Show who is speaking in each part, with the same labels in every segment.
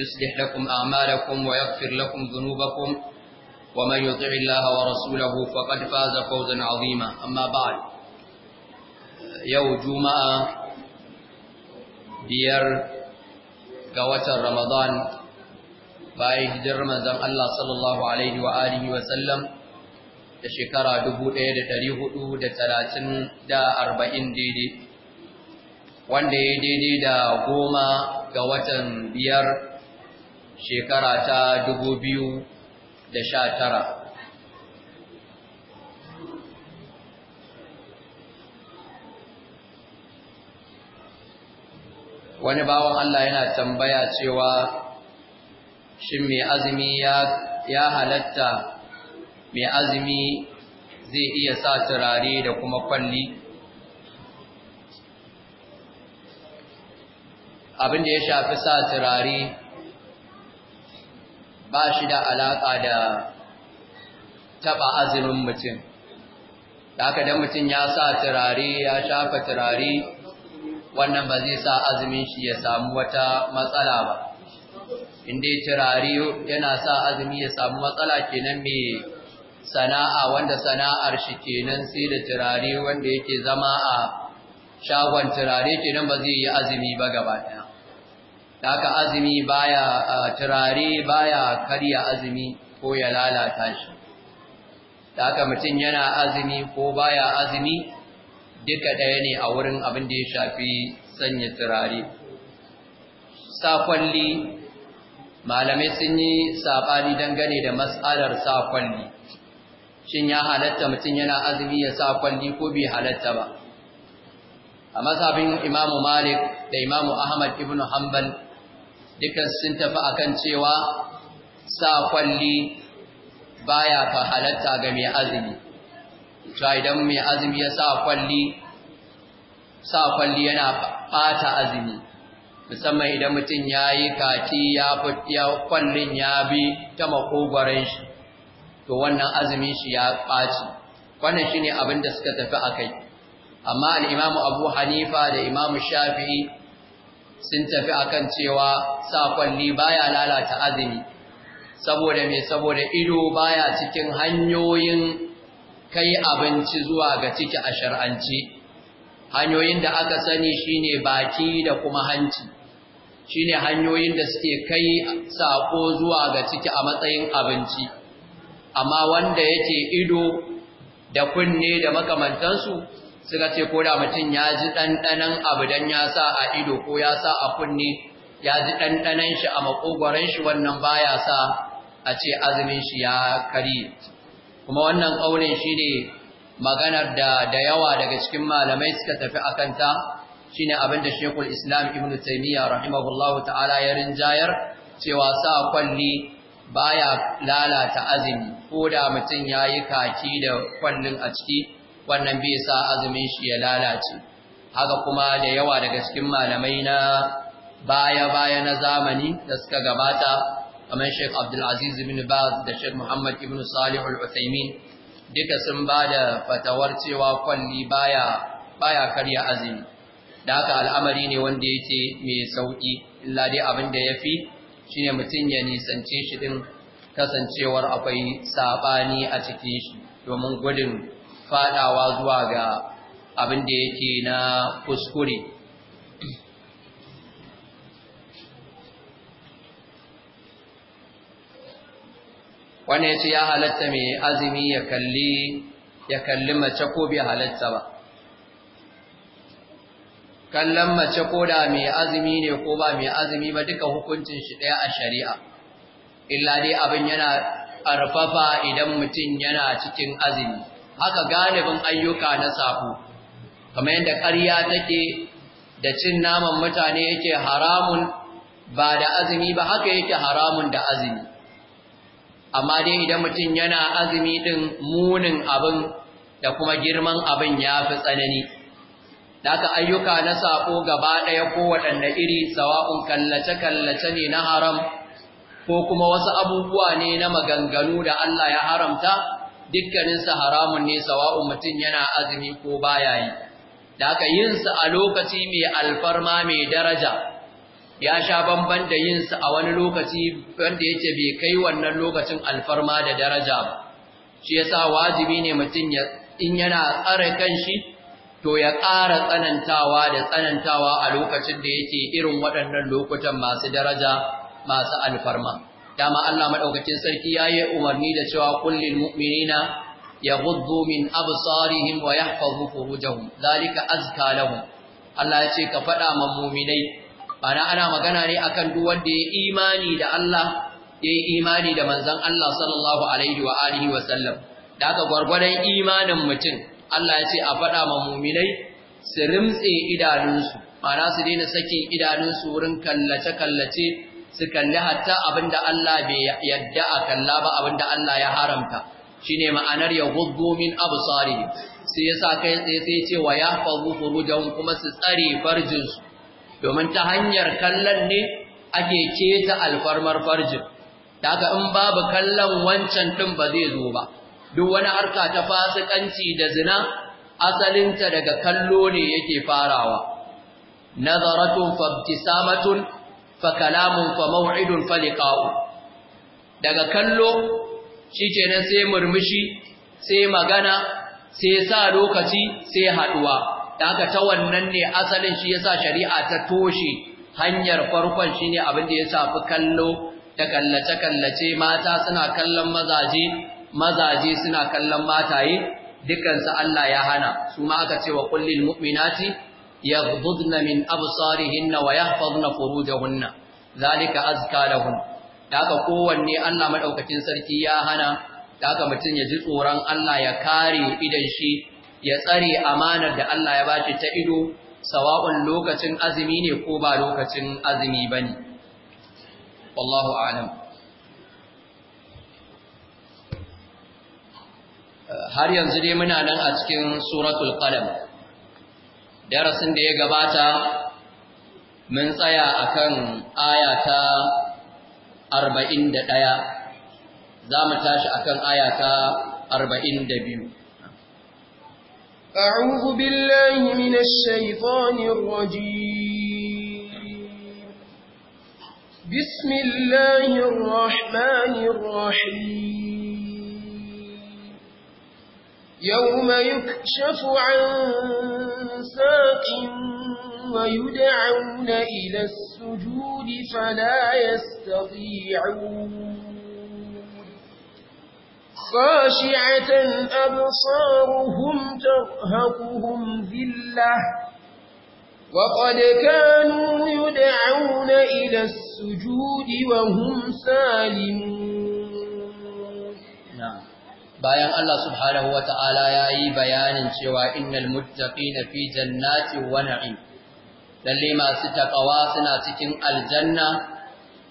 Speaker 1: يصلح لكم أعمالكم ويغفر لكم ذنوبكم ومن يطع الله ورسوله فقد فاز فوزا عظيما أما بعد يوم جمعة بير قوة رمضان باي هجر رمضان الله صلى الله عليه وآله وسلم da shekara 1440 daidai wanda ya daidai da goma ga watan biyar shekara ta dubu biyu da sha tara. wani bawan Allah yana tambaya cewa shin mai azumi ya halatta mai azumi zai iya sa turare da kuma kwalli abin da ya shafi sa turare ba shi da alaƙa da taɓa azumin mutum da aka da mutum ya sa turare ya shafa turare wannan ba zai sa azumin shi ya samu wata matsala ba inda turare yana sa azumi ya samu matsala kenan mai sana'a wanda sana'ar shi kenan sai da turare wanda yake zama a shagon turare kenan ba zai yi azumi ba gabata. da haka azumi baya turare baya karya azumi ko ya lalata shi da haka mutum yana azumi ko baya azumi duka ɗaya ne a wurin abin da ya shafi sanya turare sakwalli malamai sun yi saɓani dangane da matsalar sakwalli shin ya halatta mutum yana azumi ya sa kwalli ko bai halatta ba a mazhabin imamu malik da imamu ahmad ibn hanbal dukan sun tafi akan cewa sa kwalli baya fa halatta ga mai azumi to idan mai azumi ya sa kwalli sa kwalli yana fata azumi musamman idan mutum ya yi kati ya kwallin ya bi ta makogwaron shi to wannan azumin shi ya ɓaci wannan shine abin da suka tafi a kai amma al'imamu abu hanifa da imamu shafi'i sun tafi akan cewa sa kwalli baya lalata azumi saboda mai saboda ido baya cikin hanyoyin kai abinci zuwa ga ciki a shar'anci hanyoyin da aka sani shine baki da kuma hanci shine hanyoyin da suke kai sako zuwa ga ciki a matsayin abinci amma wanda yake ido da kunne da makamantansu suka ce ko da mutum ya ji ɗanɗanan abu don ya sa a ido ko ya sa a kunne ya ji ɗanɗanan shi a makogwaron shi wannan baya sa a ce azumin shi ya kari kuma wannan ƙaunin shi ne maganar da da yawa daga cikin malamai suka tafi a kanta shi ne abinda shekul islam ibn taimiyya rahimahullahu ta'ala ya rinjayar cewa sa kwalli baya lalata azumi ko da mutum ya yi kaki da kwallin a ciki wannan bai sa azumin shi ya lalace haka kuma da yawa daga cikin malamai na baya-baya na zamani da suka gabata kamar Sheikh Abdul Aziz ibn Baz da Sheikh Muhammad ibn Salih al-Utsaimin duka sun ba da fatawar cewa kwalli baya baya karya azumi da haka al'amari ne wanda yake mai sauki illa dai abin da yafi shine mutum ya nisance shi din kasancewar akwai sabani a cikin shi domin gudun fadawa zuwa ga abin da yake na kuskure wani ya ce ya halatta mai azumi ya kalli ya kalli mace ko bai halatta ba kallon mace ko da mai azumi ne ko ba mai azumi ba duka hukuncin shi ɗaya a shari'a illa dai abin yana ƙarfafa idan mutum yana cikin azumi haka galibin ayyuka na saƙo, kamar yadda ƙarya take da cin naman mutane yake haramun ba da azumi ba haka yake haramun da azumi amma dai idan mutum yana azumi din munin abin da kuma girman abin ya fi tsanani daga ayyuka na sako gaba ɗaya waɗanne iri sawa'un kallace-kallace ne na haram ko kuma wasu abubuwa ne na maganganu da Allah ya haramta dukkaninsa haramun ne sawa'un mutum yana azumi ko baya yi da aka yinsa a lokaci mai alfarma mai daraja ya sha bamban da yinsa a wani lokaci wanda yake bai kai wannan lokacin alfarma da daraja ba shi yasa wajibi ne mutum in yana tsare kanshi to ya ƙara tsanantawa da tsanantawa a lokacin da yake irin waɗannan lokutan masu daraja masu alfarma dama Allah madaukakin sarki yayi umarni da cewa kullil mu'minina yaghuddu min absarihim wa yahfazu furujahum zalika azka lahum Allah ya ce ka faɗa ma mu'minai bana ana magana ne akan duk wanda ya imani da Allah yayi imani da manzon Allah sallallahu alaihi wa alihi wa sallam da aka gwargwadon imanin mutum Allah ya ce a faɗa ma mu'minai su rimtse idanunsu ma'ana su daina sakin idanunsu wurin kallace-kallace Su kalli hatta abinda Allah bai yarda a kalla ba abinda Allah ya haramta shine ma'anar ya guddu min tsari, sai yasa kai tsaye sai ce wa furu da kuma su tsare farjin su domin ta hanyar kallon ne ake keta alfarmar farjin daga in babu kallon wancan din ba zai zo ba duk wani harka ta fasikanci da zina asalinta daga kallo ne yake farawa nazaratun fabtisamatun fa kalamun fa maw'idun fa liqa'u daga kallo shikenan sai murmushi sai magana sai sa lokaci sai haduwa daga ta wannan ne asalin shi yasa shari'a ta toshe hanyar farkon shine abin da ya safi kallo da kallace kallace mata suna kallon mazaje mazaje suna kallon mataye dukansu Allah ya hana su ma aka ce wa kullil mu'minati na min absarihinna wa yahfazna furujahunna zalika azka lahum daga kowanne Allah maɗaukacin sarki ya hana aka mutum ya ji tsoron Allah ya kare idan shi ya tsare amanar da Allah ya bace ta ido sawa'un lokacin azumi ne ko ba lokacin azumi bane wallahu a'lam har yanzu dai muna nan a cikin suratul qalam darasin da ya gabata mun tsaya akan aya ta 41 za mu tashi akan aya ta 42
Speaker 2: أعوذ بالله من الشيطان الرجيم بسم الله الرحمن الرحيم يوم يكشف عن ساق ويدعون إلى السجود فلا يستطيعون خاشعة أبصارهم ترهقهم ذلة وقد كانوا يدعون إلى السجود وهم سالمون
Speaker 1: bayan Allah subhanahu wata'ala ya yi bayanin cewa innal na fi jannati wa na'im lalle masu taƙawa suna cikin aljanna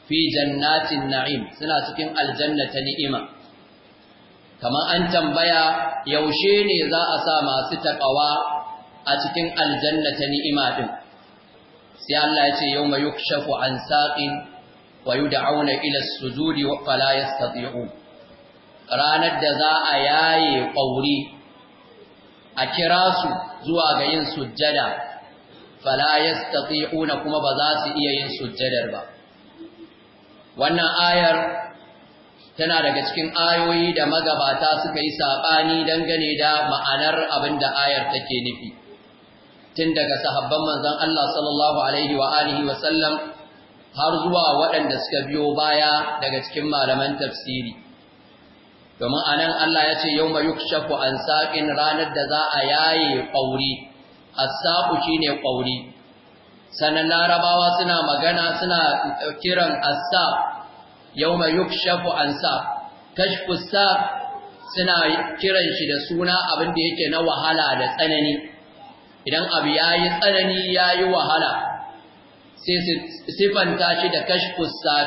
Speaker 1: fi jannatin na'im suna cikin aljanna ta ni'ima kamar an tambaya yaushe ne za a sa masu taƙawa a cikin aljanna ta ni'ima din sai Allah ya ce yawma shafu an saqin wa yud'auna ila su sujudi wa fala yastati'un ranar da za a yaye ƙauri a kira su zuwa ga yin sujjada fala yastati'una kuma ba za su iya yin sujjadar ba wannan ayar tana daga cikin ayoyi da magabata suka yi saɓani dangane da ma'anar abin da ayar take nufi tun daga sahabban manzon Allah sallallahu alaihi wa alihi wa sallam har zuwa waɗanda suka biyo baya daga cikin malaman tafsiri domin nan Allah ya ce yi shafu an saƙin ranar da za a yaye a saƙu shi ne ƙauri. Sannan larabawa suna magana suna kiran yau ma yi shafu an saƙ, kashfu saƙ suna kiran shi da suna abin da yake na wahala da tsanani idan abu yi tsanani ya yi wahala sai sifanta shi da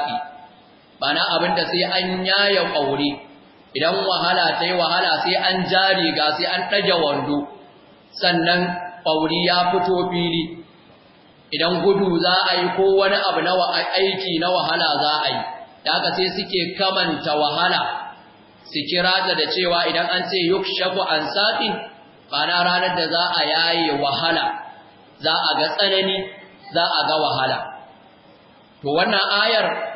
Speaker 1: ba na bana da sai an yaye ƙauri. idan wahala ta wahala sai an jari ga sai an ɗaja wando sannan ɓauri ya fito fili idan gudu za a yi ko wani abu na aiki na wahala za a yi da aka sai suke kamanta wahala su kira ta da cewa idan an ce yuk shafu an saƙi bana ranar da za a yaye wahala za a ga tsanani za a ga wahala to wannan ayar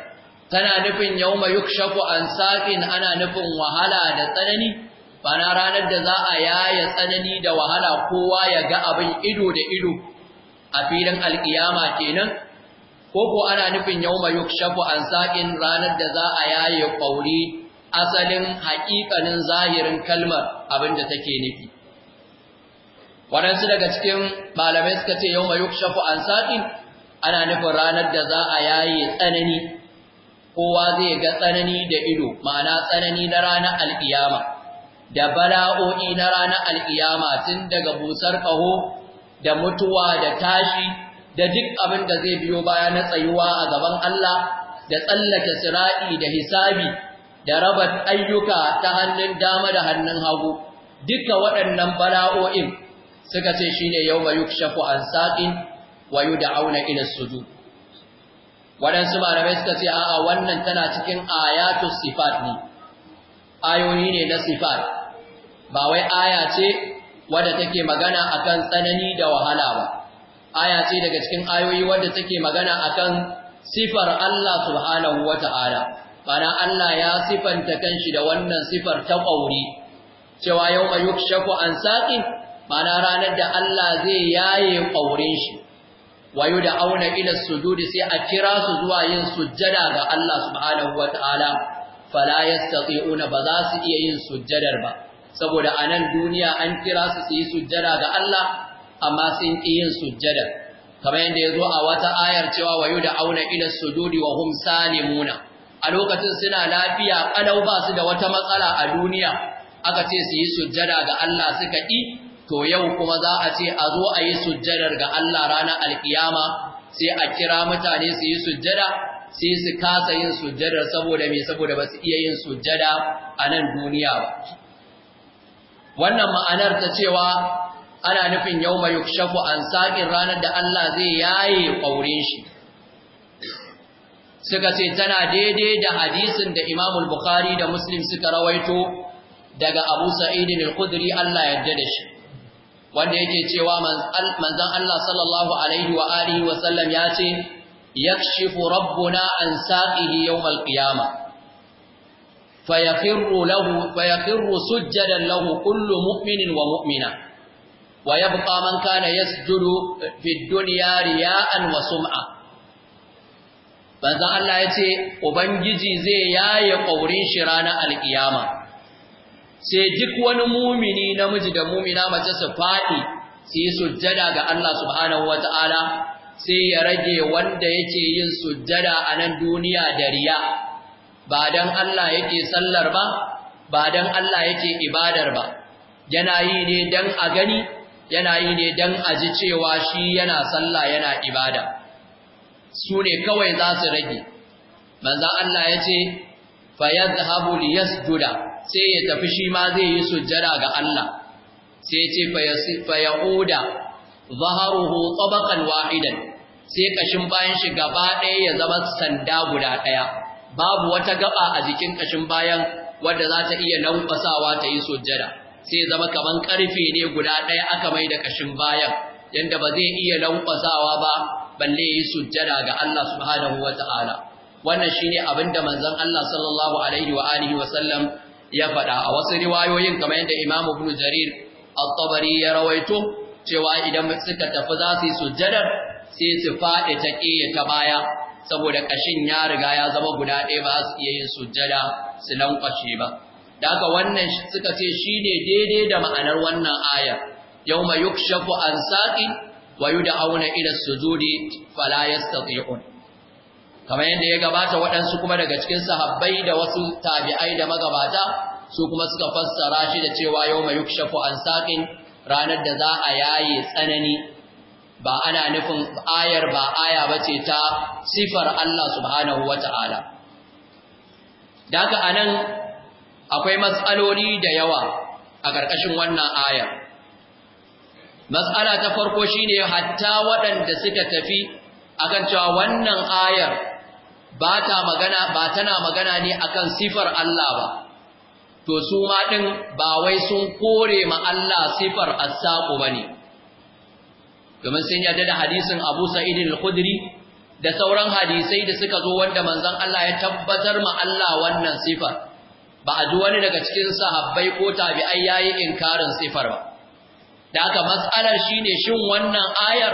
Speaker 1: tana nufin yauma yukshafu an ana nufin wahala da tsanani bana ranar da za a yaya tsanani da wahala kowa ya ga abin ido da ido a filin alkiyama kenan ko ko ana nufin yawma yukshafu an ranar da za a yaye ƙauri asalin haƙiƙanin zahirin kalmar abin da take nufi waɗansu daga cikin malamai suka ce yawma yukshafu an ana nufin ranar da za a yaye tsanani kowa zai ga tsanani da ido ma'ana tsanani na ranar al'iyama da bala'o'i na ranar al'iyama tun daga busar kaho, da mutuwa da tashi da duk abin da zai biyo baya na tsayuwa a gaban Allah da tsallake sira'i da hisabi da raba ayyuka ta hannun dama da hannun hagu duka waɗannan bala'o'in suka ce shine yawma yukshafu an da auna yud'auna ila sujud waɗansu malamai suka ce a'a wannan tana cikin ayatu sifat ne ayoyi ne na sifat ba wai aya ce wadda take magana akan tsanani da wahala ba aya ce daga cikin ayoyi wadda take magana akan sifar Allah subhanahu wata'ala bana Allah ya sifanta kanshi da wannan sifar ta ƙauri cewa yau a shafu an saƙi bana ranar da Allah zai yaye ƙaurin shi Wayu da auna ilar sujudi sai a kira su zuwa yin sujjada ga Allah subhanahu ta'ala, fala yastati'una ba za su iya yin sujjadar ba saboda a nan duniya an kira su su yi sujjada ga Allah amma sun ƙi yin sujjada kamar yadda ya zo a wata ayar cewa wayu da auna ilar sujudi wa hum Muna, a lokacin suna lafiya ƙalau ba su da wata matsala a duniya aka ce su yi sujjada ga Allah suka ƙi to yau kuma za a ce a zo a yi sujjadar ga Allah ranar alkiyama sai a kira mutane su yi sujjada sai su kasa yin sujjadar saboda me saboda ba su iya yin sujjada a nan duniya ba wannan ma'anar ta cewa ana nufin yau mai yukshafu an saƙin ranar da Allah zai yaye ƙaurin shi suka ce tana daidai da hadisin da imamul bukhari da muslim suka rawaito daga abu sa'idin al-khudri Allah yarda da shi wanda yake cewa manzan Allah sallallahu alaihi wa alihi wa sallam ya ce yakshifu rabbuna an saqihi yawmal qiyamah fayakhiru lahu fayakhiru sujjadan lahu kullu mu'minin wa mu'mina wa yabqa man kana yasjudu fi dunya riya'an wa sum'a manzon Allah ya ce ubangiji zai yaye kaurin shi ranar alkiyama sai duk wani mumini namiji da mumina mace su faɗi su yi sujjada ga Allah subhanahu wata'ala sai ya rage wanda yake yin sujjada a nan duniya da riya ba dan Allah yake sallar ba ba dan Allah yake ibadar ba yana yi ne dan a gani yana yi ne dan a ji cewa shi yana sallah yana ibada su ne kawai za su rage manzo Allah yace fa yadhhabu liyasjuda sai ya tafi shi ma zai yi sujjada ga Allah sai ce fa ya'uda zaharuhu tabaqan wahidan sai kashin bayan shi gaba ɗaya ya zama sanda guda ɗaya babu wata gaba a jikin kashin bayan wanda za ta iya lankwasawa ta yi sujjada sai zama kaman karfe ne guda ɗaya aka mai da kashin bayan yanda ba zai iya lankwasawa ba balle yi sujjada ga Allah subhanahu wata'ala wannan shine abinda manzon Allah sallallahu alaihi wa alihi wa sallam ya faɗa a wasu riwayoyin kamar yadda Imam Ibn Jarir al tabari ya rawaito cewa idan suka tafi za su yi sujjadar sai su faɗi ta ƙiya ta baya saboda ƙashin ya riga ya zama guda ɗaya ba su iya yin sujjada su lankwashe ba daga wannan suka ce shine daidai da ma'anar wannan aya ma yukshafu an saqi wa yud'auna ila sujudi fala yastati'un kamar yadda ya gabata waɗansu kuma daga cikin sahabbai da wasu tabi'ai da magabata su kuma suka fassara shi da cewa yau mai yukshafu an saƙin ranar da za a yaye tsanani ba ana nufin ayar ba aya ba ce ta sifar Allah subhanahu wa ta'ala. Daga a nan akwai matsaloli da yawa a ƙarƙashin wannan ayar. Matsala ta farko shine hatta waɗanda suka tafi akan cewa wannan ayar ba magana ba tana magana ne akan sifar Allah ba to su ma din ba wai sun kore ma Allah sifar as-saqu bane domin sun yarda da hadisin Abu Sa'id al-Khudri da sauran hadisai da suka zo wanda manzon Allah ya tabbatar ma Allah wannan sifar ba a ji wani daga cikin sahabbai ko tabi'ai yayi inkarin sifar ba da aka mas'alar shine shin wannan ayar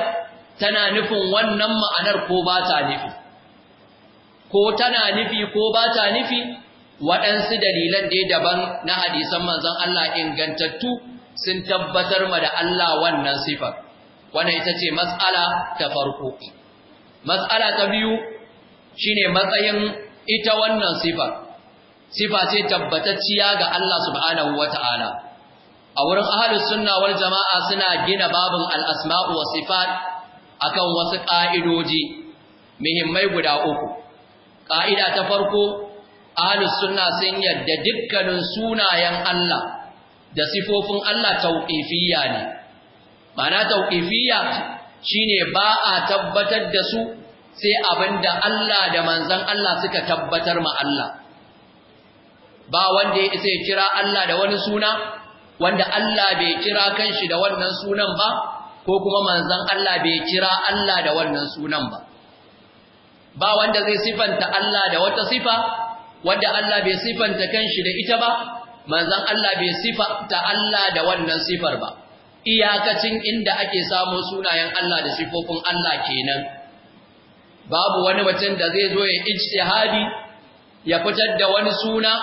Speaker 1: tana nufin wannan ma'anar ko ba ta nufin ko tana nufi ko ba ta nufi waɗansu dalilan dai daban na hadisan manzan Allah ingantattu sun tabbatar ma da Allah wannan sifar wannan ita ce matsala ta farko matsala ta biyu shine matsayin ita wannan sifar sifa ce tabbatacciya ga Allah subhanahu wata'ala a wurin ahlus sunna wal jama'a suna gina babin al-asma'u wa sifat akan wasu ka'idoji muhimmai guda uku ƙa'ida ta farko ahlus suna sun yadda dukkanin sunayen Allah da sifofin Allah tauqifiyya ne ma'ana tauqifiyya shine ba a tabbatar da su sai abinda Allah da manzon Allah suka tabbatar ma Allah ba wanda ya isa ya kira Allah da wani suna wanda Allah bai kira kanshi da wannan sunan ba ko kuma manzon Allah bai kira Allah da wannan sunan ba ba wanda zai sifanta Allah da wata sifa wanda Allah bai sifanta kanshi da ita ba manzon Allah bai sifanta Allah da wannan sifar ba iyakacin inda ake samun sunayen Allah da sifofin Allah kenan babu wani mutum da zai zo ya ijtihadi ya fitar da wani suna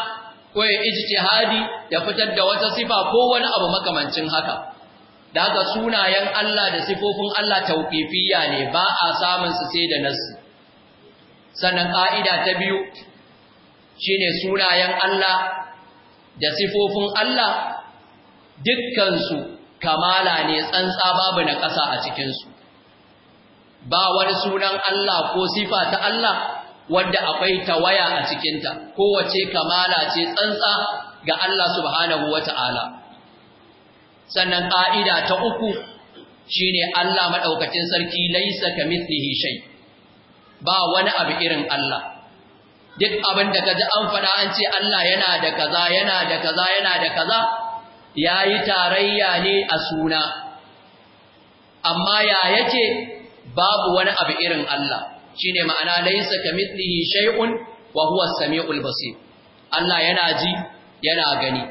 Speaker 1: ko ya ijtihadi ya fitar da wata sifa ko wani abu makamancin haka da haka sunayen Allah da sifofin Allah tauqifiyya ne ba a samun su sai da nasu sannan ƙa'ida ta biyu shi ne sunayen Allah da sifofin Allah dukkansu kamala ne tsantsa babu na ƙasa a cikinsu ba wani sunan Allah ko sifa ta Allah wadda akwai tawaya a cikinta kowace kamala ce tsantsa ga Allah subhanahu wata'ala sannan ƙa'ida ta uku shi ne Allah maɗaukacin sarki laisa mitsihi shay' ba wani abu irin Allah duk abin da ji an faɗa an ce Allah yana da kaza yana da kaza yana da kaza yayi tarayya ne a suna amma ya yake babu wani abu irin Allah shine ma'ana laysa kamithlihi shay'un wa huwa as-sami'ul basir Allah yana ji yana gani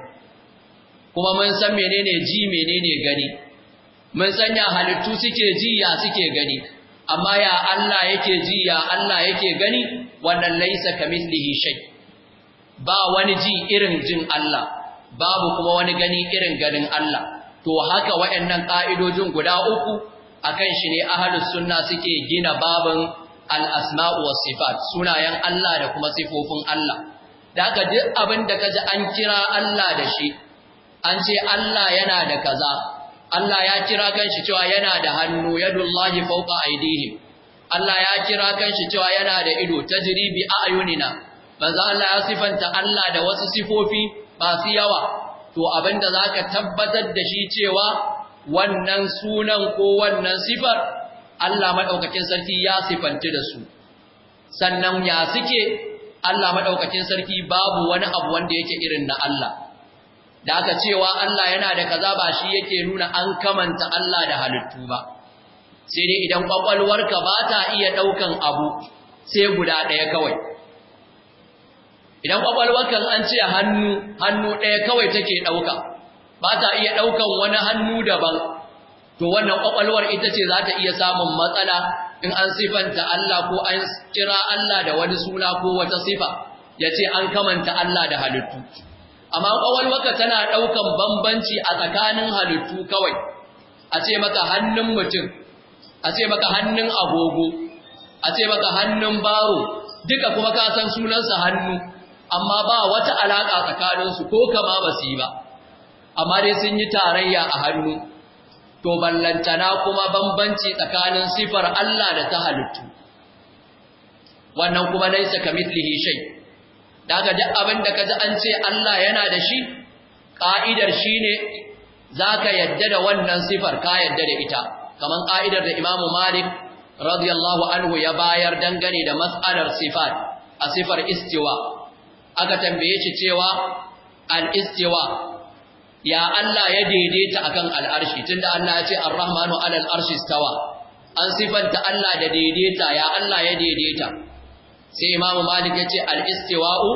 Speaker 1: kuma mun san menene ji menene gani mun san ya halittu suke ji ya suke gani amma ya Allah yake ji ya Allah yake gani wannan laisa kamithlihi shay ba wani ji irin jin Allah babu kuma wani gani irin ganin Allah to haka wayannan ka'idojin guda uku akan shi ne ahlus sunna suke gina babin al-asma'u was sifat sunayen Allah da kuma sifofin Allah da haka duk abin da kaji an kira Allah da shi an ce Allah yana da kaza Allah ya kira kanshi cewa yana da hannu yadullahi fawqa aydihim Allah ya kira kanshi cewa yana da ido tajribi ayunina manzo Allah ya sifanta Allah da wasu sifofi ba su yawa to abinda zaka tabbatar da shi cewa wannan sunan ko wannan sifar Allah madaukakin sarki ya sifanta da su sannan ya suke Allah madaukakin sarki babu wani abu wanda yake irin na Allah da aka cewa Allah yana da kaza ba shi yake nuna an kamanta Allah da halittu ba sai dai idan kwakwalwarka ba ta iya daukan abu sai guda ɗaya kawai idan kwakwalwarka an ce hannu hannu ɗaya kawai take ɗauka, ba ta iya daukan wani hannu daban to wannan kwakwalwar ita ce za ta iya samun matsala in an sifanta Allah ko an kira Allah da wani suna ko wata sifa ya ce an kamanta Allah da halittu amma waka tana ɗaukan bambanci a tsakanin halittu kawai a ce maka hannun mutum a ce maka hannun agogo a ce maka hannun baro duka kuma ka san sunansa hannu amma ba wata alaƙa tsakaninsu ko kama ba su yi ba amma dai sun yi tarayya a hannu to ballantana kuma bambanci tsakanin sifar Allah da ta halittu wannan kuma laisa kamithlihi shay' daga duk abin da ka ji an ce Allah yana da shi ƙa'idar shi ne za ka yadda da wannan sifar ka yadda da ita kamar ƙa'idar da imamu malik radiyallahu anhu ya bayar dangane da matsalar sifar a sifar istiwa aka tambaye shi cewa al-istiwa ya Allah ya daidaita akan al'arshi tunda Allah ya ce ar-rahmanu alal arshi stawa an sifanta Allah da daidaita ya Allah ya daidaita sai imamu malik ya ce al-istiwa'u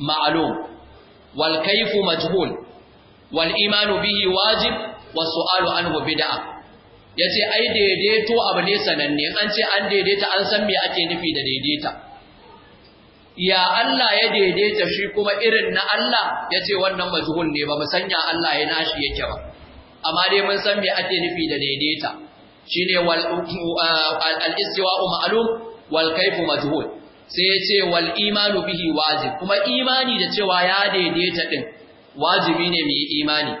Speaker 1: ma'lum wal kayfu majhul wal imanu bihi wajib was su'alu anhu bid'a yace ai daidaito abu ne sananne an ce an daidaita an san me ake nufi da daidaita ya Allah ya daidaita shi kuma irin na Allah yace wannan majhul ne ba mu sanya Allah ya nashi yake ba amma dai mun san me ake nufi da daidaita shine wal uh, al-istiwa'u ma'lum wal kayfu majhul sai ya ce wal imanu bihi wajib kuma imani da cewa ya daidaita din wajibi ne mu yi imani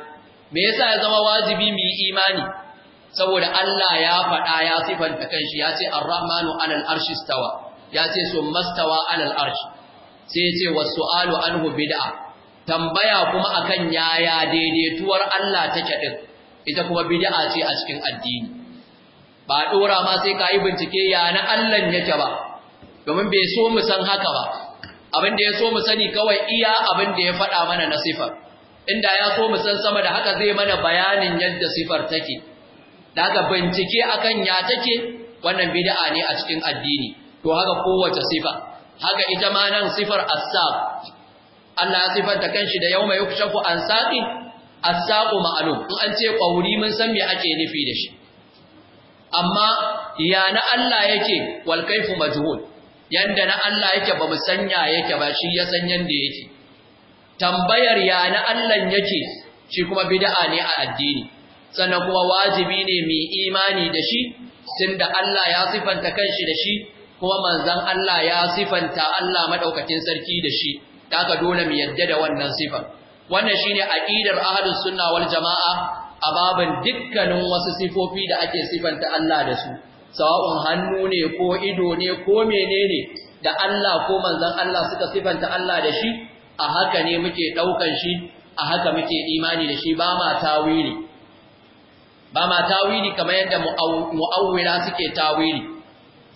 Speaker 1: me yasa ya zama wajibi mu yi imani saboda Allah ya faɗa ya sifanta kanshi ya ce ar-rahmanu alal arshi stawa ya ce so mastawa alal arshi sai ya ce was-su'alu anhu bid'a tambaya kuma akan yaya daidaituwar Allah take din ita kuma bid'a ce a cikin addini ba dora ma sai ka yi bincike ya na Allah yake ba domin bai so mu san haka ba abin da ya so mu sani kawai iya abin da ya faɗa mana na sifar inda ya so mu san sama da haka zai mana bayanin yadda sifar take daga bincike akan ya take wannan bid'a ne a cikin addini to haka kowace sifa haka ita ma nan sifar as Allah ya ta kanshi da yawma yukshafu an saqi as ma'lum in an ce kwauri mun san me ake nufi da shi amma ya na Allah yake wal kaifu majhul yanda na Allah yake ba mu sanya yake ba shi ya san yanda yake tambayar ya na Allah yake shi kuma bid'a ne a addini sannan kuma wajibi ne mu imani da shi tunda Allah ya sifanta kanshi da shi kuma manzon Allah ya sifanta Allah madaukakin sarki da shi haka dole mu yadda da wannan sifan wannan shine aqidar ahlus sunna wal jamaa a dukkanin wasu sifofi da ake sifanta Allah da su sawa'un hannu ne ko ido ne ko menene da Allah ko manzon Allah suka sifanta Allah da shi a haka ne muke daukan shi a haka muke imani da shi ba ma tawili ba ma tawili kamar yadda mu'awwila suke tawili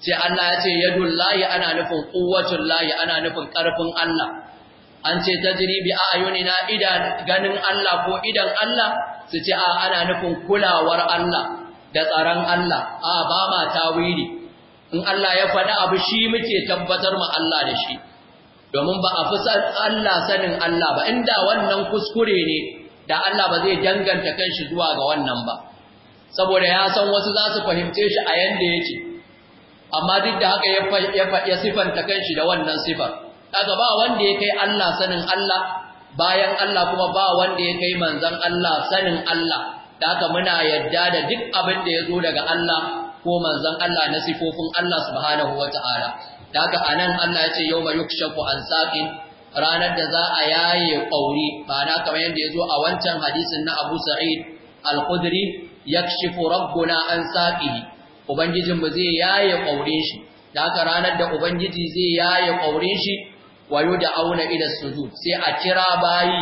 Speaker 1: sai Allah ya ce yadullahi ana nufin quwwatullahi ana nufin karfin Allah an ce tajribi a ayunina idan ganin Allah ko idan Allah su ce a ana nufin kulawar Allah da tsaron Allah a ba ma tawiri, in Allah ya faɗi abu shi muke tabbatar ma Allah da shi domin ba a fi Allah sanin Allah ba inda wannan kuskure ne da Allah ba zai danganta kanshi zuwa ga wannan ba saboda ya san wasu za su fahimce shi a yanda yake amma duk da haka ya sifanta kanshi da wannan sifar kaga ba wanda ya kai Allah sanin Allah bayan Allah kuma ba wanda ya kai manzon Allah sanin Allah Daka muna yadda da duk abin da ya zo daga Allah ko manzon Allah na sifofin Allah subhanahu wa Ta'ala. Daka a nan Allah ya ce yawma yukshafu an saƙi ranar da za a yaye kauri ma'ana kamar yadda ya zo a wancan hadisin na Abu Sa'id al-Khudri yakshifu rabbuna an saqihi ubangijinmu zai yaye ƙaurin shi da ranar da ubangiji zai yaye ƙaurin shi wayo da auna ila sujud sai a kira bayi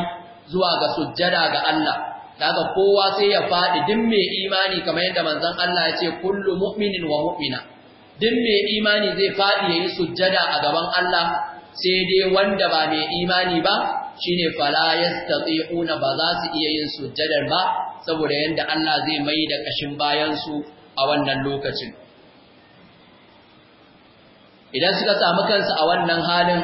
Speaker 1: zuwa ga sujjada ga Allah daga kowa sai ya faɗi duk mai imani kamar yadda manzon Allah ya ce kullu mu'minin wa mu'mina duk mai imani zai faɗi yayi sujjada a gaban Allah sai dai wanda ba mai imani ba shine fala yastati'una ba za su iya yin sujjadar ba saboda yadda Allah zai mai da kashin bayan su a wannan lokacin idan suka samu kansu a wannan halin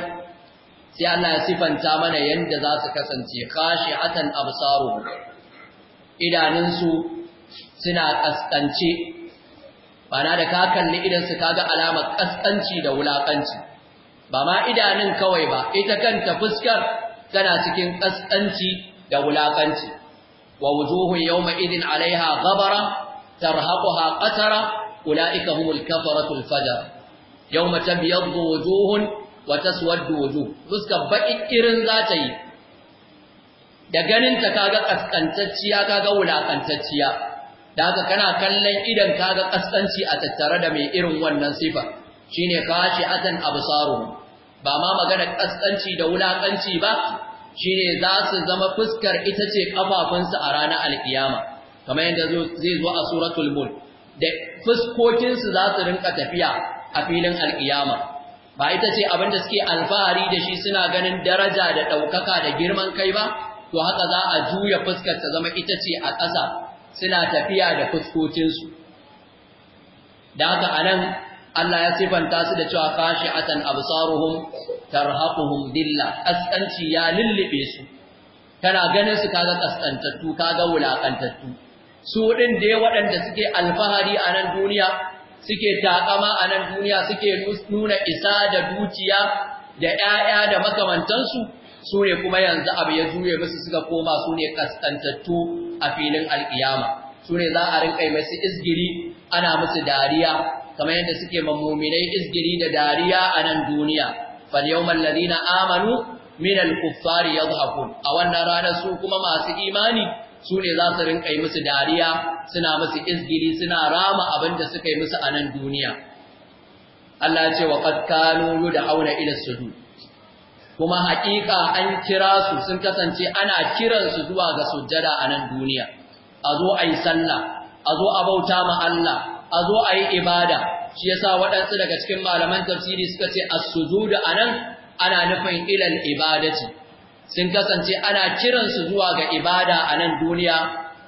Speaker 1: sai Allah ya sifanta mana yanda za su kasance khashi'atan absaruhum idanunsu suna kaskance bana da ka kalli idansu kaga alamar ƙasƙanci da wulaƙanci, ba ma idanun kawai ba ita kanta fuskar tana cikin ƙasƙanci da wulaƙanci. wa wujuhun yawma idin alaiha gabara tarhaquha qatara ulaika humul kafaratul fajar yawma tabyaddu wujuhun wa taswaddu wujuh fuskar baki irin za ta yi da ganinta kaga kaskantacciya kaga wulakantacciya da haka kana kallon idan kaga kaskanci a tattare da mai irin wannan sifa shine kashi atan absaru ba ma magana kaskanci da wulakanci ba shine za su zama fuskar ita ce kafafunsu a ranar alkiyama kamar yadda zai zo a suratul mul da fuskokinsu za su rinka tafiya a filin alkiyama ba ita ce da suke alfahari da shi suna ganin daraja da ɗaukaka da girman kai ba to haka za a juya fuskar ta zama ita ce a ƙasa suna tafiya da fuskocinsu da haka anan Allah ya sifanta su da cewa khashi'atan absaruhum tarhaquhum dilla kaskanci ya lullube su kana ganin su kaga kaskantattu kaga wulakantattu su din dai waɗanda suke alfahari a nan duniya suke takama a nan duniya suke nuna isa da dukiya da ƴaƴa da makamantansu su ne kuma yanzu abu ya juye musu suka koma su ne kaskantattu a filin alkiyama su ne za a rinƙa masu izgiri ana musu dariya kamar yadda suke mamuminai izgiri da dariya a nan duniya fal yawmal ladina amanu min al kuffari yadhakun a wannan rana su kuma masu imani su ne za su rinƙa musu dariya suna musu izgiri suna rama abin da suka yi musu a nan duniya Allah ya ce wa qad kanu yud'auna ila sujud kuma haƙiƙa an kira su sun kasance ana kiransu zuwa ga sujjada a nan duniya a zo a yi sallah a zo a bauta ma Allah a zo a yi ibada shi yasa waɗansu daga cikin malaman tafsiri suka ce a sujudu a nan ana nufin ilal ibadati sun kasance ana kiransu zuwa ga ibada a nan duniya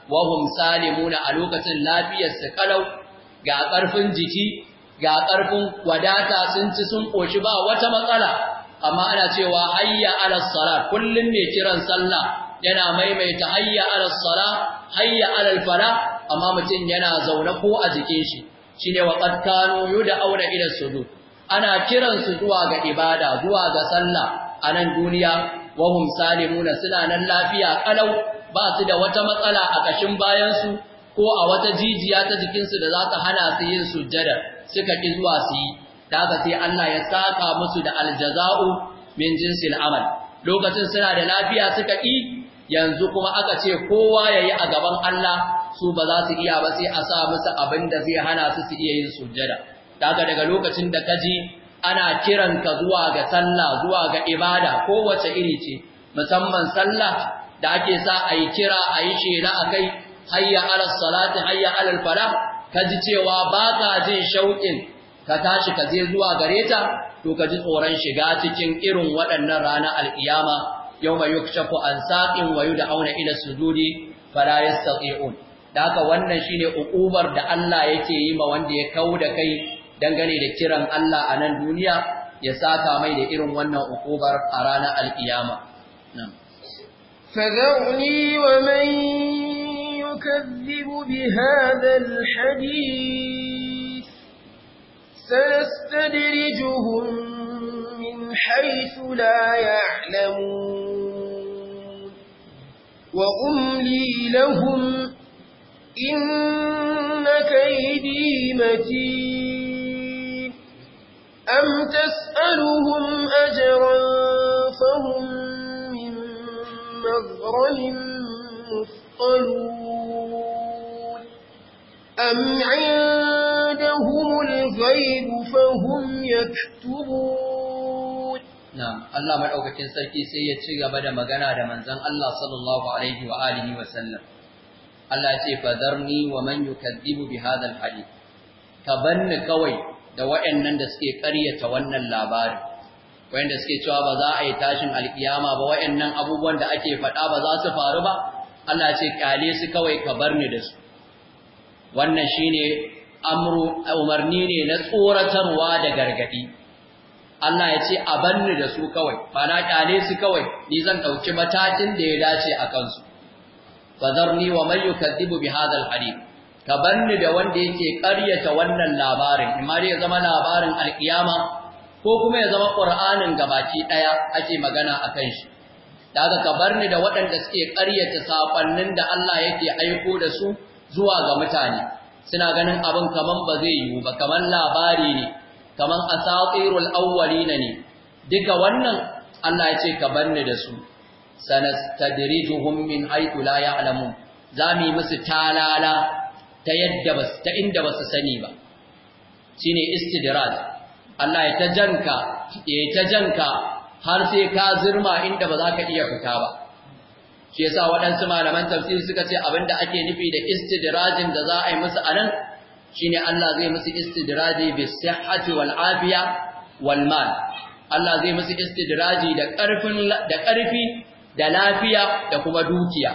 Speaker 1: wa hum salimuna a lokacin lafiyar su kalau ga ƙarfin jiki ga ƙarfin wadata sun ci sun ƙoshi ba wata matsala amma ana cewa hayya ala salat kullum mai kiran sallah yana maimaita hayya ala salat hayya ala fala amma mutum yana zaune ko a jikin shi shine wa qad kanu yud'auna ila sujud ana kiran su zuwa ga ibada zuwa ga sallah a nan duniya wa hum salimuna suna nan lafiya kalau ba su da wata matsala a kashin bayan su ko a wata jijiya ta jikinsu da za ta hana su yin sujjada suka ki zuwa su yi da haka sai Allah ya saka musu da aljaza'u min jinsil amal lokacin suna da lafiya suka yi yanzu kuma aka ce kowa yayi a gaban Allah su ba za su iya ba sai a sa musu abin da zai hana su su iya yin sujjada daga daga lokacin da kaji ana kiran ka zuwa ga sallah zuwa ga ibada kowace iri ce musamman sallah da ake sa ayi kira a ayi shela akai hayya ala salati hayya ala falah kaji cewa ba ka jin shauƙin ka tashi ka je zuwa gare ta to ka ji tsoron shiga cikin irin waɗannan ranar alkiyama yawma ku. an wayu da auna ila sujudi fala yastati'un da haka wannan shine ukubar da Allah yake yi ma wanda ya da kai dangane da kiran Allah a nan duniya ya saka mai da irin wannan ukubar a ranar alkiyama
Speaker 2: فذرني ومن يكذب بهذا الحديث سنستدرجهم من حيث لا يعلمون وأملي لهم إن كيدي متين أم تسألهم أجرا فهم من مغرم مثقلون أم عند عندهم الغيب فهم يكتبون
Speaker 1: نعم الله مدعوكتين سركي سيئة غبدا مغانا دمنزان الله صلى الله عليه وآله وسلم الله يتي فذرني ومن يكذب بهذا الحديث كبن كوي da waɗannan da suke ƙaryata wannan labarin waɗanda suke cewa ba za a yi tashin alkiyama ba waɗannan abubuwan da ake faɗa ba za su faru ba Allah ce su kawai ka bar ni da su wannan shine amru umarni ne na tsoratarwa da gargadi Allah ya ce a banni da su kawai ba na kyale su kawai ni zan dauki matakin da ya dace a kansu fadarni wa man yukadibu bi hadha hadith ka banni da wanda yake karyata wannan labarin imma ya zama labarin alkiyama ko kuma ya zama qur'anin gabaki daya ake magana akan shi daga ka barni da waɗanda suke karyata sabannin da Allah yake aiko da su zuwa ga mutane suna ganin abin kaman ba zai yiwu ba kaman labari ne kaman asatirul awwalina ne duka wannan Allah ya ce ka barni da su sanastadrijuhum min haythu la ya'lamun zami musu talala ta yadda bas ta inda basu sani ba shine istidraj Allah ya tajanka ya tajanka har sai ka zirma inda ba za ka iya fita ba shi yasa waɗansu malaman tafsir suka ce abinda ake nufi da istidrajin da za a yi musu anan shine Allah zai musu istidraji bi sihhati wal afiya wal mal Allah zai musu istidraji da ƙarfin da ƙarfi da lafiya da kuma dukiya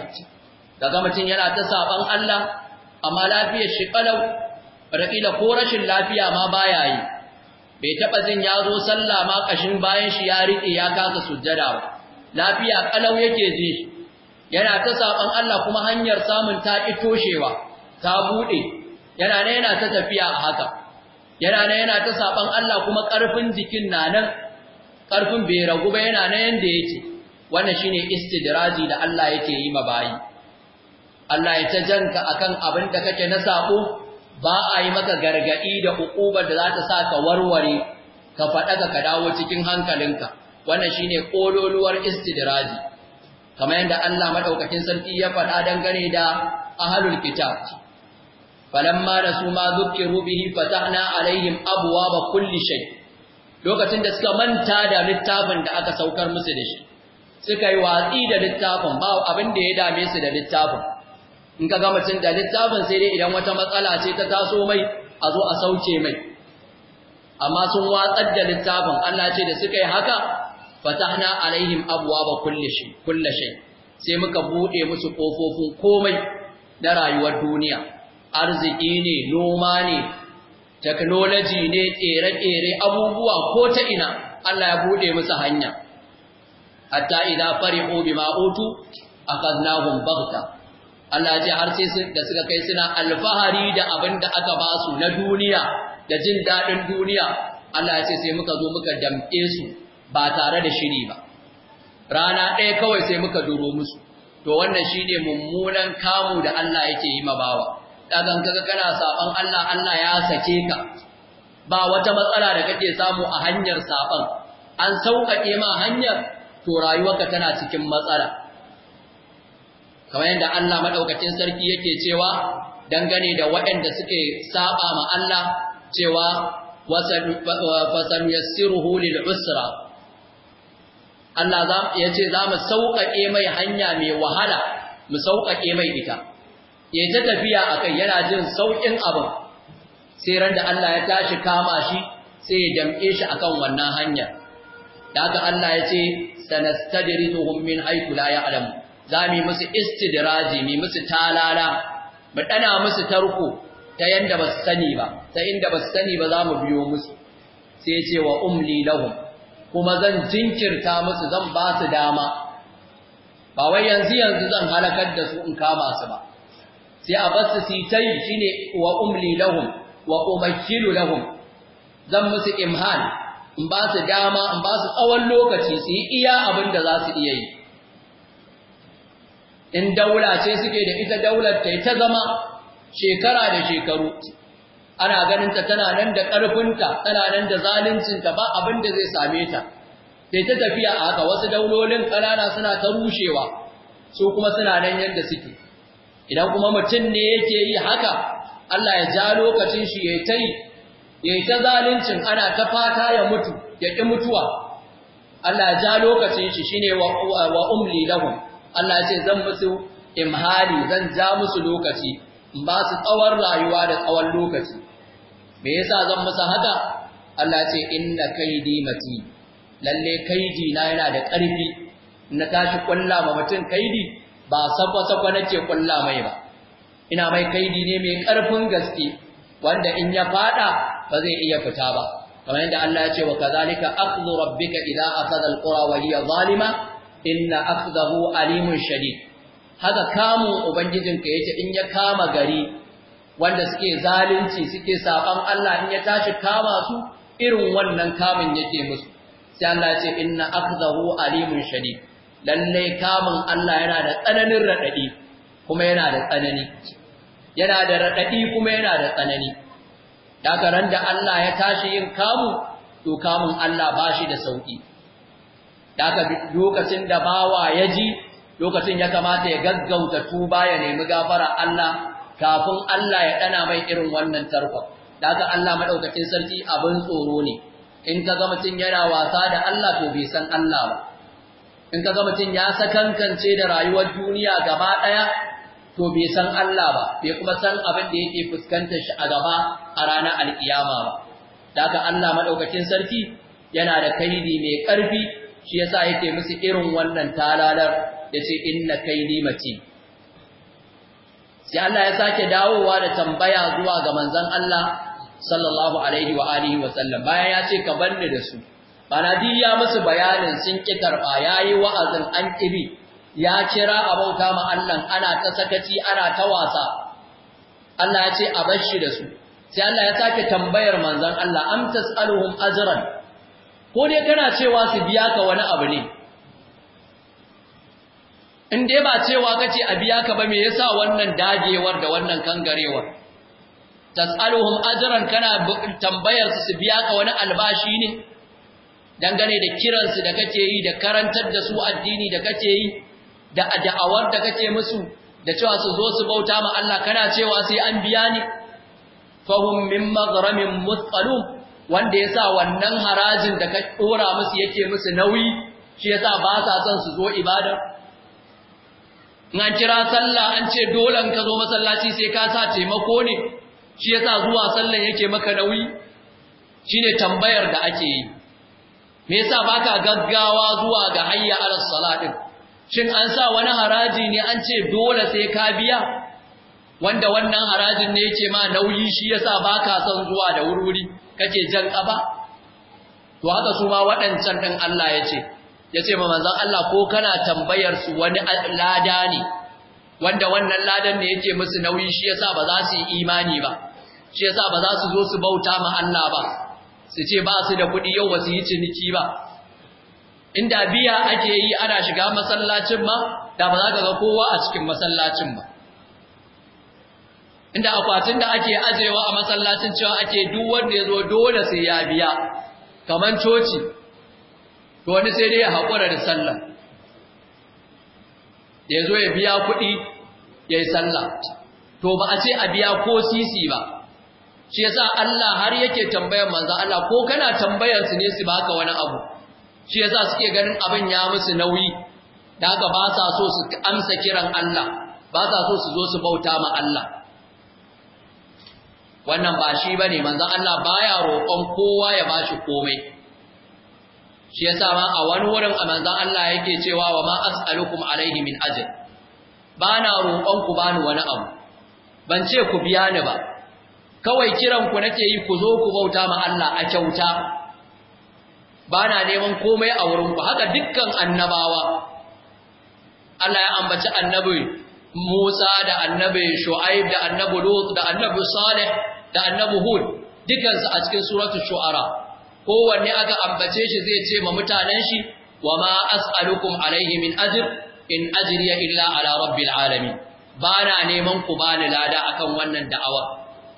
Speaker 1: daga mutum yana ta saban Allah amma lafiyar shi kalau rakila ko rashin lafiya ma baya yi bai taba jin ya zo sallah ma kashin bayan shi ya rike ya kasa sujjada ba lafiya kalau yake ji yana ta saban Allah kuma hanyar samun ta itoshewa ta bude yana ne yana ta tafiya a haka yana ne yana ta saban Allah kuma karfin jikin na karfin bai ragu ba yana ne yanda yake wannan shine istidraji da Allah yake yi ma bayi Allah ya ta akan abin da kake na sabo ba a yi maka gargadi da hukubar da za ta sa ka warware ka faɗa ka dawo cikin hankalinka wannan shine kololuwar istidraji kamar yadda Allah madaukakin sarki ya faɗa dangane da ahlul kitab falamma nasu ma dhukiru bihi fatahna alaihim abwaaba kulli shay lokacin da suka manta da littafin da aka saukar musu da shi suka yi watsi da littafin ba abin da ya dame su da littafin in ka ga mutum da littafin sai dai idan wata matsala ce ta taso mai a zo a sauke mai amma sun watsar da littafin Allah ce da suka yi haka fatahna alaihim abuwa ba kulle shai sai muka buɗe musu kofofin komai na rayuwar duniya arziki ne noma ne technology ne tsere-tsere abubuwa ko ta ina Allah ya bude musu hanya hatta idza farihu bima utu akadnahum baghta Allah ya har sai da suka kai suna alfahari da abinda aka ba su na duniya da jin daɗin duniya Allah ya ce sai muka zo muka damke su ba tare da shiri ba rana ɗaya kawai sai muka duro musu to wannan shine mummunan kamu da Allah yake yi mabawa kagan kaga kana saban Allah Allah ya sake ka ba wata matsala da kake samu a hanyar saban an sauƙaƙe ma hanyar to rayuwarka tana cikin matsala kamar yadda Allah madaukakin sarki yake cewa dangane da waɗanda suke saba ma Allah cewa yassiruhu lil usra Allah ya ce za mu sauƙaƙe mai hanya mai wahala mu sauƙaƙe mai ita ya ta tafiya a kai yana jin sauƙin abin sai ran da Allah ya tashi kama shi sai ya jam'e shi akan wannan hanyar da aka Allah ya ce sanastadrijuhum min haiku la ya alamu, za mu musu istidraji mu musu talala mu ɗana musu tarko ta yanda ba su sani ba ta inda ba su sani ba za mu biyo musu sai ce wa umli lahum kuma zan jinkirta musu zan ba su dama ba wai yanzu yanzu zan halakar da su in kama su ba sai a basu su tai shine wa umli lahum wa umakkilu lahum zan musu imhan in ba su dama in ba su tsawon lokaci su yi iya abin da za su iya yi in daula ce suke da ita daular ta ta zama shekara da shekaru ana ganin ta tana nan da ƙarfinta tana nan da zaluncinta ba abin da zai same ta sai ta tafiya a haka wasu daulolin ƙanana suna ta rushewa su kuma suna nan yadda suke idan kuma mutum ne yake yi haka Allah ya ja lokacin shi yayi tai yayi ta zaluncin ana ta fata ya mutu ya ki mutuwa Allah ya ja lokacin shi shine wa umli lahum Allah ya ce zan musu imhali zan ja musu lokaci in ba su tsawon rayuwa da tsawon lokaci me yasa zan musu haka Allah ce inna kaidi mati lalle kaidi na yana da ƙarfi na tashi kulla ma mutum kaidi ba sakwa sakwa nake kulla mai ba ina mai kaidi ne mai ƙarfin gaske wanda in ya fada ba zai iya fita ba kamar yadda Allah ya ce wa kazalika akhdhu rabbika idza akhadha alqura wa hiya zalima inna akhdahu alimun shadid haka kamun ubangijinka yake in ya kama gari wanda suke zalunci suke saban Allah in ya tashi kama su irin wannan kamun yake musu sai Allah ya ce inna akhdahu alimun shadid lalle kamun Allah yana da tsananin radadi kuma yana da tsanani yana da radadi kuma yana da tsanani daga ran da Allah ya tashi yin kamu to kamun Allah bashi da sauki daga lokacin da bawa ya ji lokacin ya kamata ya gaggauta tuba ya nemi gafara Allah kafin Allah ya dana mai irin wannan tarkon daga Allah madaukakin sarki abin tsoro ne in ka ga mutun yana wasa da Allah to bai san Allah ba in ka ga mutun ya sakankance da rayuwar duniya gaba daya to bai san Allah ba bai kuma san abin da yake fuskantar shi a gaba a ranar alkiyama ba daga Allah madaukakin sarki yana da kaidi mai karfi shi yasa yake musu irin wannan talalar ya ce inna kai mace. sai Allah ya sake dawowa da tambaya zuwa ga manzon Allah sallallahu alaihi wa alihi wa sallam bayan ya ce ka banni da su banadi ya musu bayanin sun ki karba yayi wa'azin an kibi ya kira abauta ma Allah ana ta sakaci ana ta wasa Allah ya ce a bar da su sai Allah ya sake tambayar manzon Allah am tasaluhum ajran ko dai kana cewa su biya ka wani abu ne in dai ba cewa kace a biya ka ba me yasa wannan dagewar da wannan kangarewa tas'aluhum ajran kana tambayar su biya ka wani albashi ne dangane da kiran su da kake yi da karantar da su addini da kake yi da da'awar da kake musu da cewa su zo su bauta ma Allah kana cewa sai an biya ni fahum min magramin mutqalum wanda yasa wannan harajin da ka dora musu yake musu nauyi shi yasa ba sa son su zo ibada in an kira sallah an ce dole ka zo masallaci sai ka sa taimako ne shi yasa zuwa sallan yake maka nauyi shine tambayar da ake yi me yasa baka gaggawa zuwa ga hayya ala salatin shin an sa wani haraji ne an ce dole sai ka biya wanda wannan harajin ne yake ma nauyi shi yasa baka son zuwa da wuri-wuri? kake jan ƙaba to haka su ma waɗancan ɗin Allah ya ce ya ce ma manzan Allah ko kana tambayar su wani lada ne wanda wannan ladan ne yake musu nauyi shi yasa ba za su yi imani ba shi yasa ba za su zo su bauta ma Allah ba su ce ba su da kuɗi yau ba su yi ciniki ba inda biya ake yi ana shiga masallacin ma da ba za ka ga kowa a cikin masallacin ba inda akwatin da ake ajewa a masallacin cewa ake duk wanda ya zo dole sai ya biya kamar coci to wani sai dai ya haƙura da sallah ya zo ya biya kuɗi ya yi sallah to ba a ce a biya ko sisi ba shi sa Allah har yake tambayar manzan Allah ko kana tambayar su ne su baka wani abu shi sa suke ganin abin ya musu nauyi da haka ba sa so su amsa kiran Allah ba sa so su zo su bauta ma Allah wannan ba shi ba ne manzan Allah Ba ya roƙon kowa ya bashi komai shi yasa ma a wani wurin a manzan Allah yake cewa wa ma as'alukum alaihi min ajr bana roƙon ku bani wani abu ban ce ku biya ni ba kawai kiran ku nake yi ku zo ku bauta ma Allah a kyauta bana neman komai a wurin ku haka dukkan annabawa Allah ya ambaci annabi Musa da annabi Shu'aib da annabi Lut da annabi Salih da annabi Hud su a cikin suratul Shu'ara kowanne aka ambace shi zai ce ma mutanen shi wa ma as'alukum alaihi min ajr in ajriya illa ala rabbil alamin na neman ku ba ni lada akan wannan da'awa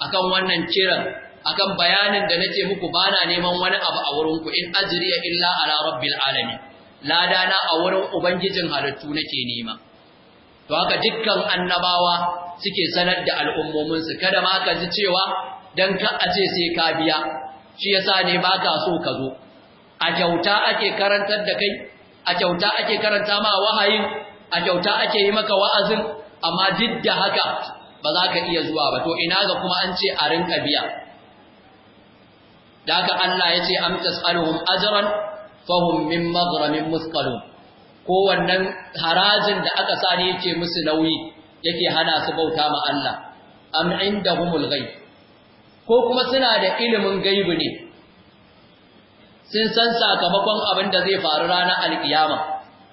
Speaker 1: akan wannan kiran akan bayanin da nake muku na neman wani abu a wurin ku in ajriya illa ala rabbil alamin lada na a wurin ubangijin halittu nake nema to haka dukkan annabawa suke sanar da al'ummominsu kada ma ka ji cewa dan ka a sai ka biya shi yasa ne ba ka so ka zo a kyauta ake karantar da kai a kyauta ake karanta ma wahayin a kyauta ake yi maka wa'azin amma duk da haka ba za ka iya zuwa ba to ina ga kuma an ce a rinka biya da haka Allah ya ce am tas'aluhum ajran fahum min maghramin musqalun kowannan harajin da aka sani yake musu nauyi yake hana su bauta ma Allah am indahumul ghaib ko kuma suna da ilimin gaibu ne sun san sakamakon abin da zai faru ranar alkiyama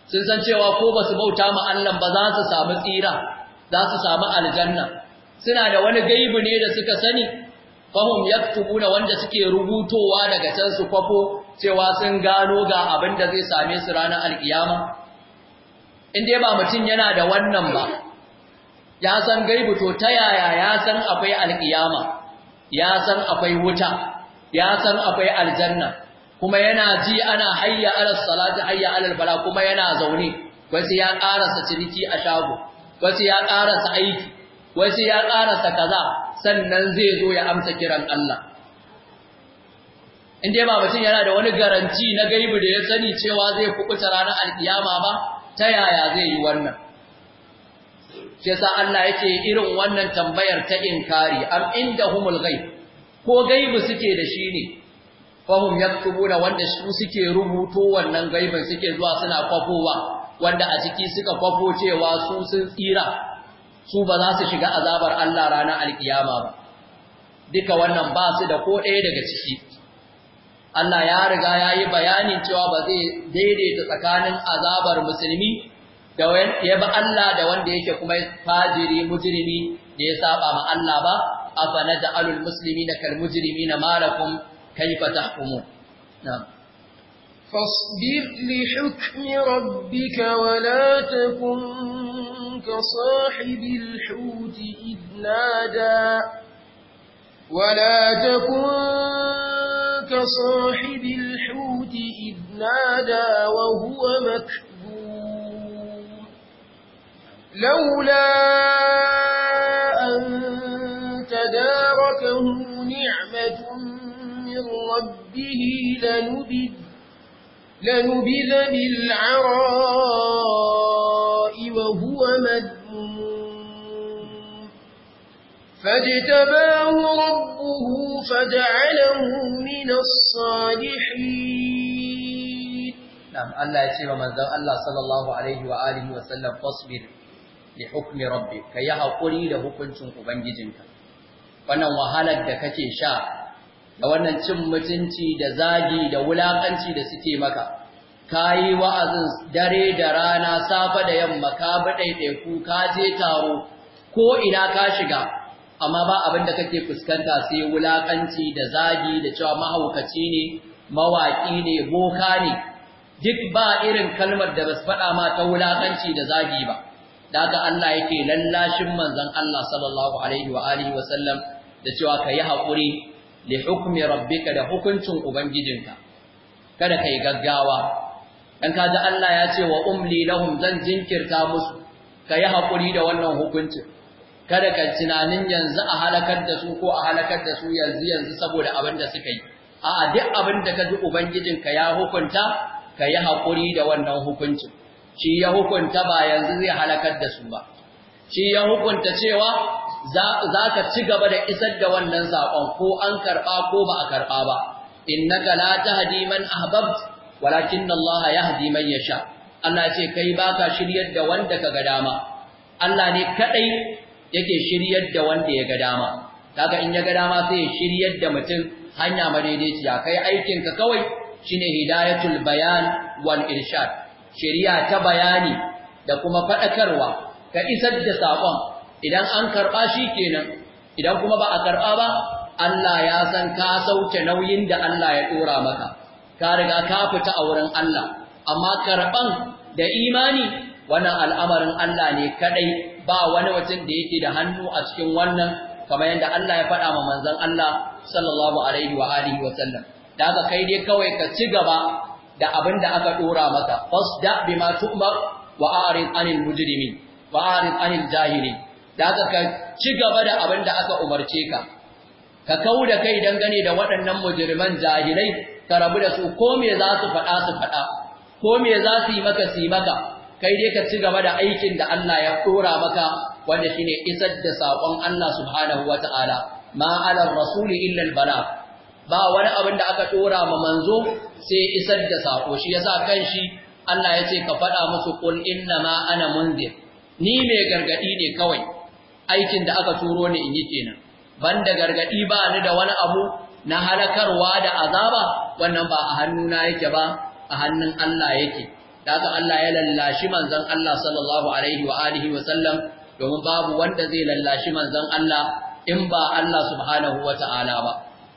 Speaker 1: sun san cewa ko ba su bauta ma Allah ba za su samu tsira za su samu aljanna suna da wani gaibu ne da suka sani fahum yaktubuna wanda suke rubutowa daga can su kwafo cewa sun gano ga abin da zai same su ranar alkiyama in dai ba mutum yana da wannan ba ya san gaibu to ta yaya ya san akwai alkiyama ya san akwai wuta ya san akwai aljanna kuma yana ji ana hayya alal salati hayya alal bala kuma yana zaune wasu ya karasa ciniki a shago wasu ya karasa aiki wasu ya karasa kaza sannan zai zo ya amsa kiran Allah in dai ba mutum yana da wani garanti na gaibu da ya sani cewa zai kuɓuta ranar alkiyama ba ta yaya zai yi wannan Sai yasa Allah yake irin wannan tambayar ta inkari am inda ghaib ko gaibi suke da shi ne fahum yaktubuna wanda su suke rubuto wannan gaibin suke zuwa suna kwafowa wanda a ciki suka kwafo cewa su sun tsira su ba za su shiga azabar Allah ranar alkiyama ba duka wannan ba su da ko ɗaya daga ciki Allah ya riga ya yi bayanin cewa ba zai daidaita tsakanin azabar musulmi da ya ba Allah da wanda yake kuma fajiri mujrimi da ya saba ma Allah ba afana ja'alul muslimina kal mujrimina ma lakum kayfa tahkumun
Speaker 2: na'am فاصبر لحكم ربك ولا تكن كصاحب الحوت إذ نادى ولا تكن كصاحب الحوت إذ نادى وهو مكتوب لولا أن تداركه نعمة من ربه لنبذ, لنبذ بالعراء وهو مذموم فاجتباه ربه فجعله من
Speaker 1: الصالحين نعم الله يسير من ذو الله صلى الله عليه وآله وسلم فاصبر li hukmi rabbi ka yi haƙuri da hukuncin ubangijinka wannan wahalar da kake sha da wannan cin mutunci da zagi da wulakanci da suke maka ka yi wa'azin dare da rana safe da yamma ka bi ɗaiɗaiku ka je taro ko ina ka shiga amma ba abin da kake fuskanta sai wulakanci da zagi da cewa mahaukaci ne mawaki ne boka ne duk ba irin kalmar da basu faɗa ma ta wulakanci da zagi ba daga Allah yake lallashin manzon Allah sallallahu alaihi wa alihi wa sallam da cewa kai hakuri li hukmi rabbika da hukuncin ubangijinka kada kai gaggawa dan kaji Allah ya ce wa umli lahum zan jinkirta musu kai hakuri da wannan hukuncin kada ka tunanin yanzu a halakar da su ko a halakar da su yanzu yanzu saboda abin da suka yi a'a duk abin da ka ji ubangijinka ya hukunta ka yi haƙuri da wannan hukuncin shi ya hukunta ba yanzu zai halakar da su ba shi ya hukunta cewa za ka ci gaba da isar da wannan saƙon ko an karɓa ko ba a karɓa ba innaka la tahdi man ahbabt walakin Allah yahdi man yasha Allah ce kai baka shiryar da wanda ka ga dama Allah ne kadai yake shiryar da wanda ya ga dama kaga in ya ga dama sai ya shiryar da mutum hanya madaidaiciya kai aikin ka kawai shine hidayatul bayan wal irshad shari'a ta bayani da kuma faɗakarwa ka isar da saƙon idan an karɓa shi kenan idan kuma ba a karɓa ba Allah ya san ka sauke nauyin da Allah ya ɗora maka ka riga ka fita a wurin Allah amma karɓan da imani wannan al'amarin Allah ne kaɗai ba wani mutum da yake da hannu a cikin wannan kamar yadda Allah ya faɗa ma manzon Allah sallallahu alaihi wa alihi wa sallam da haka kai dai kawai ka ci gaba da abin da aka dora maka fasda bima tu'mar wa a'rid anil mujrimin wa a'rid anil jahilin da ka ci gaba da abin da aka umarce ka ka da kai dangane da waɗannan mujriman jahilai ka rabu da su ko me za su faɗa su faɗa ko me za su yi maka su yi maka kai dai ka ci gaba da aikin da Allah ya dora maka wanda shine isar da saƙon Allah subhanahu wata'ala ma ala rasuli illa al ba wani abin da aka dora ma manzo sai isar da sako shi yasa shi Allah ya ce ka faɗa musu qul inna ma ana munzir ni mai gargadi ne kawai aikin da aka turo ni in yi kenan banda gargadi ba ni da wani abu na halakarwa da azaba wannan ba a hannuna yake ba a hannun Allah yake haka Allah ya lallashi manzon Allah sallallahu alaihi wa alihi wa sallam domin babu wanda zai lallashi manzon Allah in ba Allah subhanahu wa ta'ala ba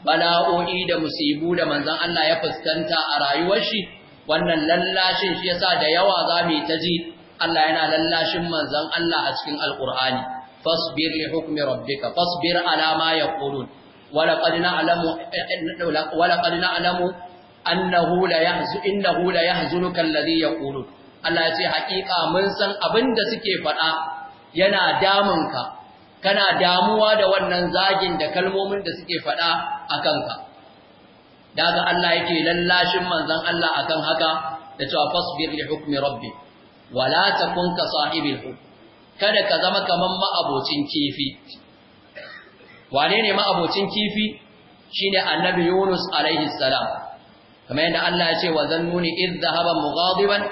Speaker 1: bala'o'i da musibu da manzan Allah ya fuskanta a rayuwar shi wannan lallashin shi yasa da yawa za mu ta ji Allah yana lallashin manzan Allah a cikin alqur'ani fasbir li hukmi rabbika fasbir ala ma yaqulun wala qad na'lamu wala qad na'lamu annahu la yahzu innahu la yahzunuka alladhi yaqulun Allah ya ce haƙiƙa mun san abin da suke faɗa yana damunka kana damuwa da wannan zagin da kalmomin da suke faɗa a kanka daga Allah yake lallashin manzon Allah akan haka da cewa fasbir li hukmi rabbi wala takun ka sahibil kada ka zama kaman ma'abocin kifi wane ne ma'abocin kifi shine annabi Yunus alaihi salam kamar yadda Allah ya ce wa zannuni idh dhahaba mughadiban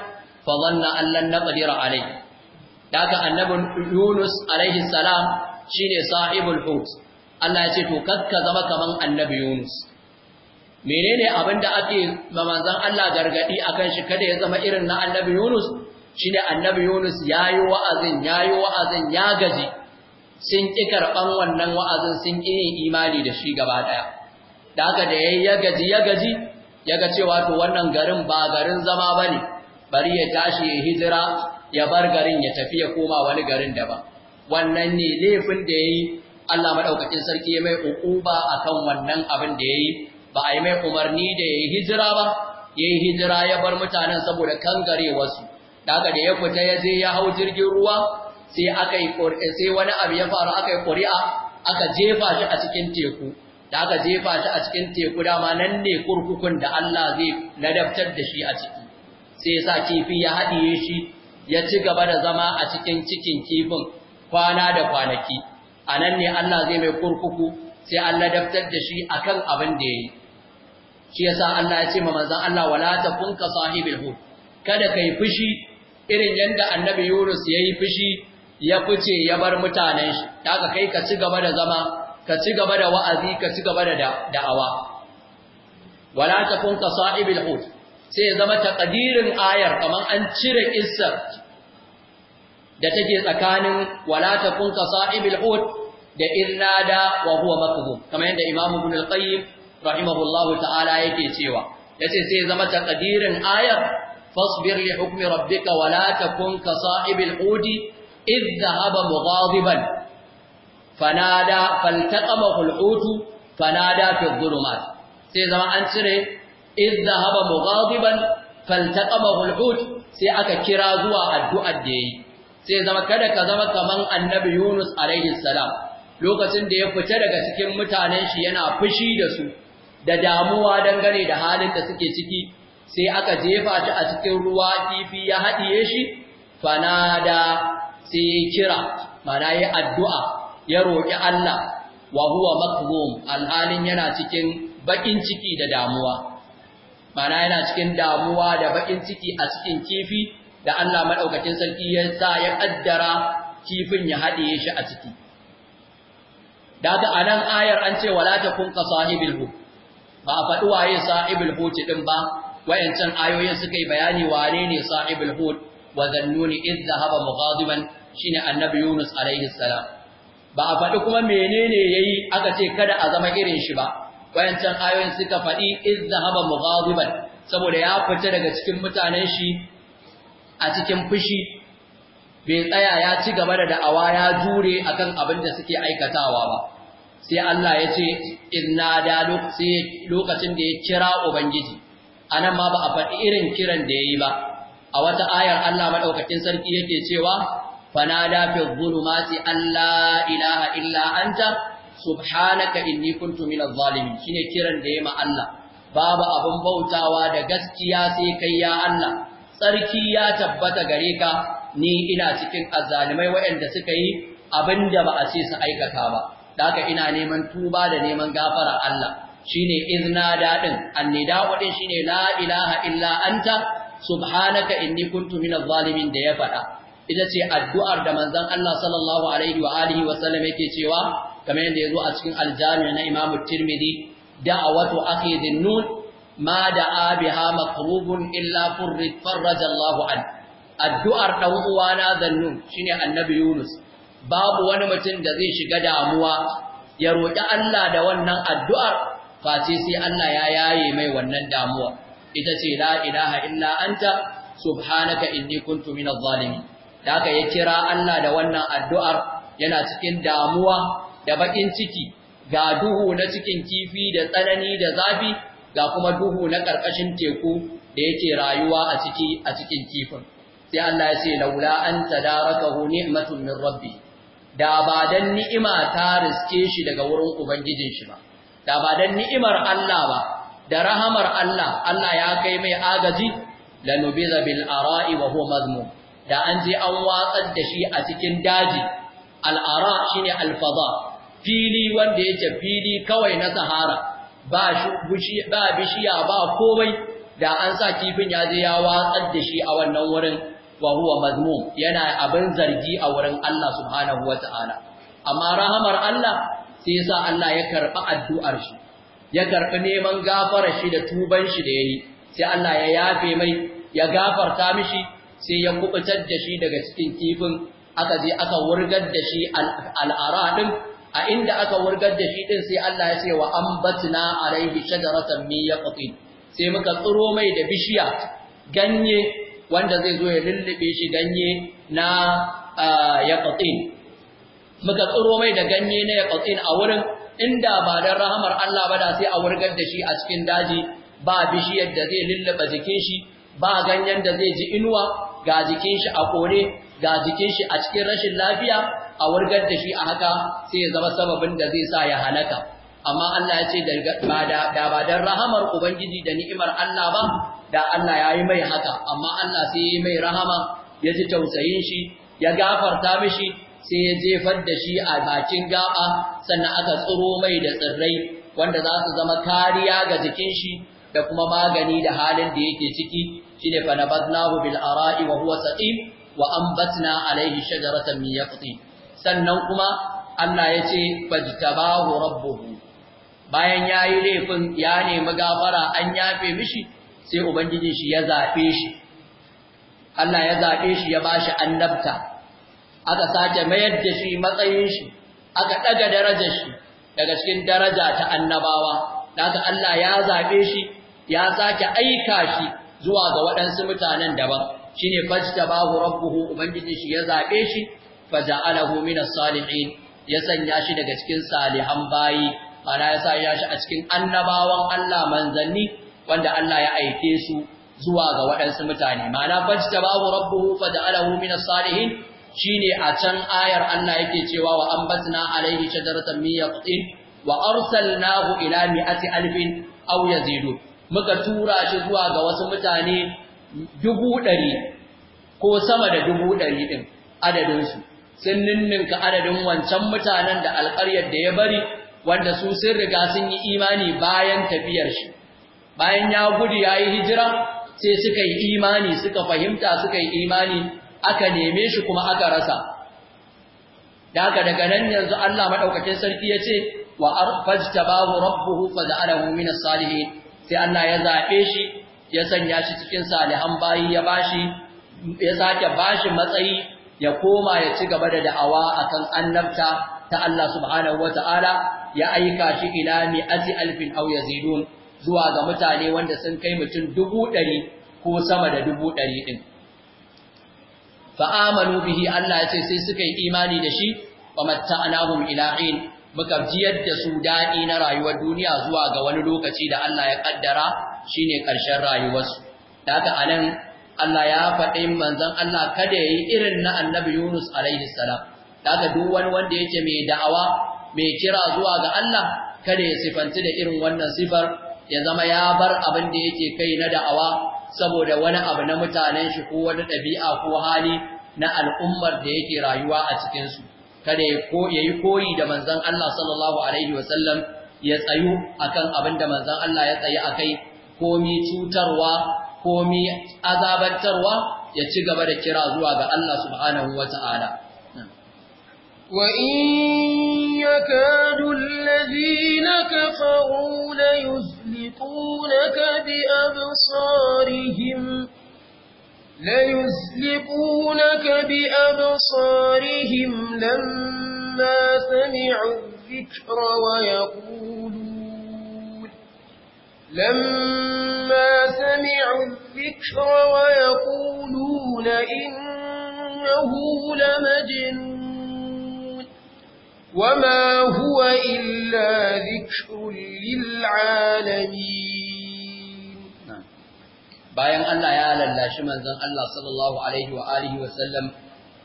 Speaker 1: fa dhanna an lan naqdir alayhi daga annabi Yunus alaihi salam shine sahibul hut Allah ya ce to kakka zama kaman annabi Yunus menene abin da ake manzon Allah gargadi akan shi kada ya zama irin na annabi Yunus shine annabi Yunus yayi wa'azin yayi wa'azin ya gaji sun ki karban wannan wa'azin sun ki yin imani da shi gaba daya da haka da yayi ya gaji ya gaji ya ga cewa to wannan garin ba garin zama bane bari ya tashi ya hijira ya bar garin ya tafi ya koma wani garin daban wannan ne laifin da yayi Allah maɗaukacin sarki ya mai a akan wannan abin da yayi ba a yi mai umarni da yayi hijira ba yayi hijira ya bar mutanen saboda wasu daga da ya fita ya je ya hau jirgin ruwa sai aka yi sai wani abu ya faru aka yi ƙuri'a aka jefa shi a cikin teku da aka jefa shi a cikin teku dama nan ne kurkukun da Allah zai ladabtar da shi a ciki sai ya sa kifi ya haɗiye shi ya ci gaba da zama a cikin cikin kifin kwana da kwanaki a nan ne Allah zai mai kurkuku sai Allah daftar da shi a kan abin da ya yi shi yasa Allah ya ce ma manzon Allah wala tafunka sahibul hu kada kai fushi irin yadda annabi Yunus yayi fushi ya fice ya bar mutanen shi daga kai ka ci gaba da zama ka ci gaba da wa'azi ka ci gaba da da'awa wala ka sahibul hu sai ya zama takadirin ayar kamar an cire kissar da take tsakanin wala takun ka sa'ibil hud da irnada wa huwa makzum kamar yadda imam ibn al-qayyim rahimahullahu ta'ala yake cewa yace sai zama taqdirin ayar fasbir li hukmi rabbika wala takun ka sa'ibil hud idh dhahaba mughadiban fanada faltaqamahu al-hut fanada fi dhulumat sai zama an cire idh dhahaba mughadiban faltaqamahu al-hut sai aka kira zuwa addu'ar da yayi sai zama kada ka zama kaman annabi Yunus alaihi salam lokacin da ya fita daga cikin mutanen shi yana fushi da su da damuwa dangane da halin da suke ciki sai aka jefa shi a cikin ruwa kifi ya haɗiye shi fanada sai ya kira mana yi addu'a ya roki Allah wa huwa makbum alhalin yana cikin bakin ciki da damuwa mana yana cikin damuwa da bakin ciki a cikin kifi da Allah madaukakin sarki ya sa ya kaddara kifin ya hade shi a ciki daga anan ayar an ce wala takun qasahibul hut ba a faɗi waye sahibul hut din ba wayancan ayoyin suka yi bayani wane ne sahibul hut wa zannuni idh dhahaba mughadiban shine annabi Yunus alaihi salam ba a faɗi kuma menene yayi aka ce kada a zama irin shi ba wayancan ayoyin suka faɗi idh dhahaba mughadiban saboda ya fita daga cikin mutanen shi a cikin fushi bai tsaya ya ci gaba da da'awa ya jure akan abin da suke aikatawa ba sai Allah ya ce inna da lokacin da ya kira ubangiji anan ma ba a faɗi irin kiran da yayi ba a wata ayar Allah madaukakin sarki yake cewa fanada fi dhulumati alla ilaha illa anta subhanaka inni kuntu minaz zalimin shine kiran da yayi ma Allah babu abin bautawa da gaskiya sai kai ya Allah tsarki ya tabbata gare ka ni ina cikin azzalimai waɗanda suka yi abin da ba a ce su aikata ba da ina neman tuba da neman gafara Allah shine izna dadin annida wadin shine la ilaha illa anta subhanaka inni kuntu minaz zalimin da ya faɗa ita ce addu'ar da manzon Allah sallallahu alaihi wa alihi wa sallam yake cewa kamar yadda yazo a cikin aljami na Imam Tirmidhi da'awatu akhi dhinnun ma da abiha maqrubun illa furrit farajallahu an addu'ar ɗan uwana zannun shine annabi Yunus babu wani mutum da zai shiga damuwa ya roƙi Allah da wannan addu'ar face sai Allah ya yaye mai wannan damuwa ita ce la ilaha illa anta subhanaka inni kuntu minadh zalimin da haka ya kira Allah da wannan addu'ar yana cikin damuwa da bakin ciki ga duhu na cikin kifi da tsanani da zafi ga kuma duhu na ƙarƙashin teku da yake rayuwa a ciki a cikin kifin sai Allah ya ce laula an tadarakahu ni'matun min rabbi da ba dan ni'ima ta riske shi daga wurin ubangijin shi ba da ba dan ni'imar Allah ba da rahamar Allah Allah ya kai mai agaji lanubiza bil ara'i wa huwa mazmum da an je an watsar da shi a cikin daji al ara shine al fada fili wanda yake fili kawai na sahara ba bishiya ba komai da an sa kifin ya je ya watsar da shi a wannan wurin wa huwa mazmum yana abin zargi a wurin Allah subhanahu wata'ala amma rahamar Allah sai yasa Allah ya karba addu'ar shi ya karɓi neman gafarar shi da tuban shi da yayi sai Allah ya yafe mai ya gafarta mishi sai ya kubutar da shi daga cikin kifin aka je aka wurgar da shi al'ara din a inda aka wurgar da shi ɗin sai Allah ya ce wa ambatna alaihi shajaratan min yaqtin sai muka tsiro mai da bishiya ganye wanda zai zo ya lullube shi ganye na yaqtin muka tsiro mai da ganye na yaqtin a wurin inda ba dan rahamar Allah ba da sai a wurgar da shi a cikin daji ba bishiyar da zai lullube jikin shi ba ganyen da zai ji inuwa ga jikin shi a kore ga jikin shi a cikin rashin lafiya a wurgar da shi a haka sai ya zama sababin da zai sa ya halaka amma Allah ya ce da ba dan rahamar ubangiji da ni'imar Allah ba da Allah ya yi mai haka amma Allah sai ya yi mai rahama ya ji tausayin shi ya gafarta mishi sai ya jefar da shi a bakin gaba sannan aka tsiro mai da tsirrai wanda za su zama kariya ga jikin shi da kuma magani da halin da yake ciki shine fa nabadnahu bil ara'i wa huwa saqim wa Ambatna, alaihi shajaratan min yaqtin sannan kuma Allah ya ce fajtabahu rabbuhu bayan yayi laifin ya nemi gafara an yafe mishi sai ubangijin shi ya zabe shi Allah ya zabe shi ya bashi annabta aka sace mayar da shi matsayin shi aka daga darajar shi daga cikin daraja ta annabawa daga Allah ya zabe shi ya sake aika shi zuwa ga waɗansu mutanen daban shine fajtabahu rabbuhu ubangijin shi ya zabe shi faja'alahu min as-salihin ya sanya shi daga cikin salihan bayi ana ya sanya shi a cikin annabawan Allah manzanni wanda Allah ya aike su zuwa ga waɗansu mutane ma'ana babu rabbuhu faja'alahu min as-salihin shine a can ayar Allah yake cewa wa ambatna Alayhi shajaratan min yaqtin wa arsalnahu ila mi'ati alfin aw yazidu muka tura shi zuwa ga wasu mutane dubu ɗari ko sama da dubu ɗari ɗin adadinsu sun ninninka adadin wancan mutanen da alƙaryar da ya bari wanda su sun riga sun yi imani bayan tafiyar shi bayan ya gudu ya yi hijira sai suka yi imani suka fahimta suka yi imani aka neme shi kuma aka rasa daga daga nan yanzu Allah madaukakin sarki ya ce wa arfajta babu rabbuhu fa ja'alahu min as-salihin sai Allah ya zabe shi ya sanya shi cikin salihan bayi ya bashi ya sake bashi matsayi ya koma ya ci gaba da da'awa akan annabta ta Allah subhanahu wata'ala ya aika shi ila azi alfin aw yazidun zuwa ga mutane wanda sun kai mutum dubu ɗari ko sama da dubu ɗari ɗin. amanu bihi Allah ya ce sai suka yi imani da shi, ba matta'anahum ila'in, muka jiyar da su daɗi na rayuwar duniya zuwa ga wani lokaci da Allah ya ƙaddara shine ne ƙarshen rayuwarsu. Daga a Allah ya faɗi manzon Allah kada yayi irin na Annabi Yunus alaihi salam daga duk wani wanda yake mai da'awa mai kira zuwa ga Allah kada ya sifanci da irin wannan sifar ya zama ya bar abin da yake kai na da'awa saboda wani abu na mutanen shi ko wani ɗabi'a ko hali na al'ummar da yake rayuwa a cikin su kada ya yi koyi da manzon Allah sallallahu alaihi wasallam ya tsayu akan abin da manzon Allah ya tsayi akai komi cutarwa komi azabantarwa ya ci gaba da kira zuwa ga Allah subhanahu wa
Speaker 2: ta'ala. وَإِن يَكَادُ الَّذِينَ كَفَرُوا لَيُزْلِقُونَكَ بِأَبْصَارِهِمْ لَيُزْلِقُونَكَ بِأَبْصَارِهِمْ لَمَّا سَمِعُوا الذِّكْرَ وَيَقُولُونَ لَمَّا لما سمعوا الذكر ويقولون إنه لمجنون وما هو إلا ذكر للعالمين
Speaker 1: bayan Allah ya lallashi manzon Allah sallallahu alaihi wa wa sallam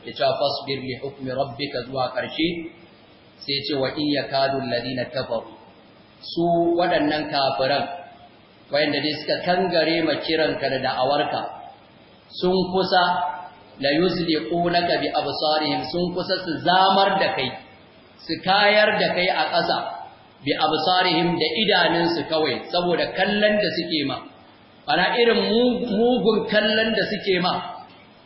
Speaker 1: ya ce fasbir li hukmi rabbika zuwa ƙarshe, sai ya ce wa in su waɗannan kafiran wayanda dai suka kangare ma kiranka da da'awarka sun kusa la yuzliqunaka bi absarihim sun kusa su zamar da kai su kayar da kai a ƙasa bi absarihim da idanunsu kawai saboda kallon da suke ma ana irin mugun kallon da suke ma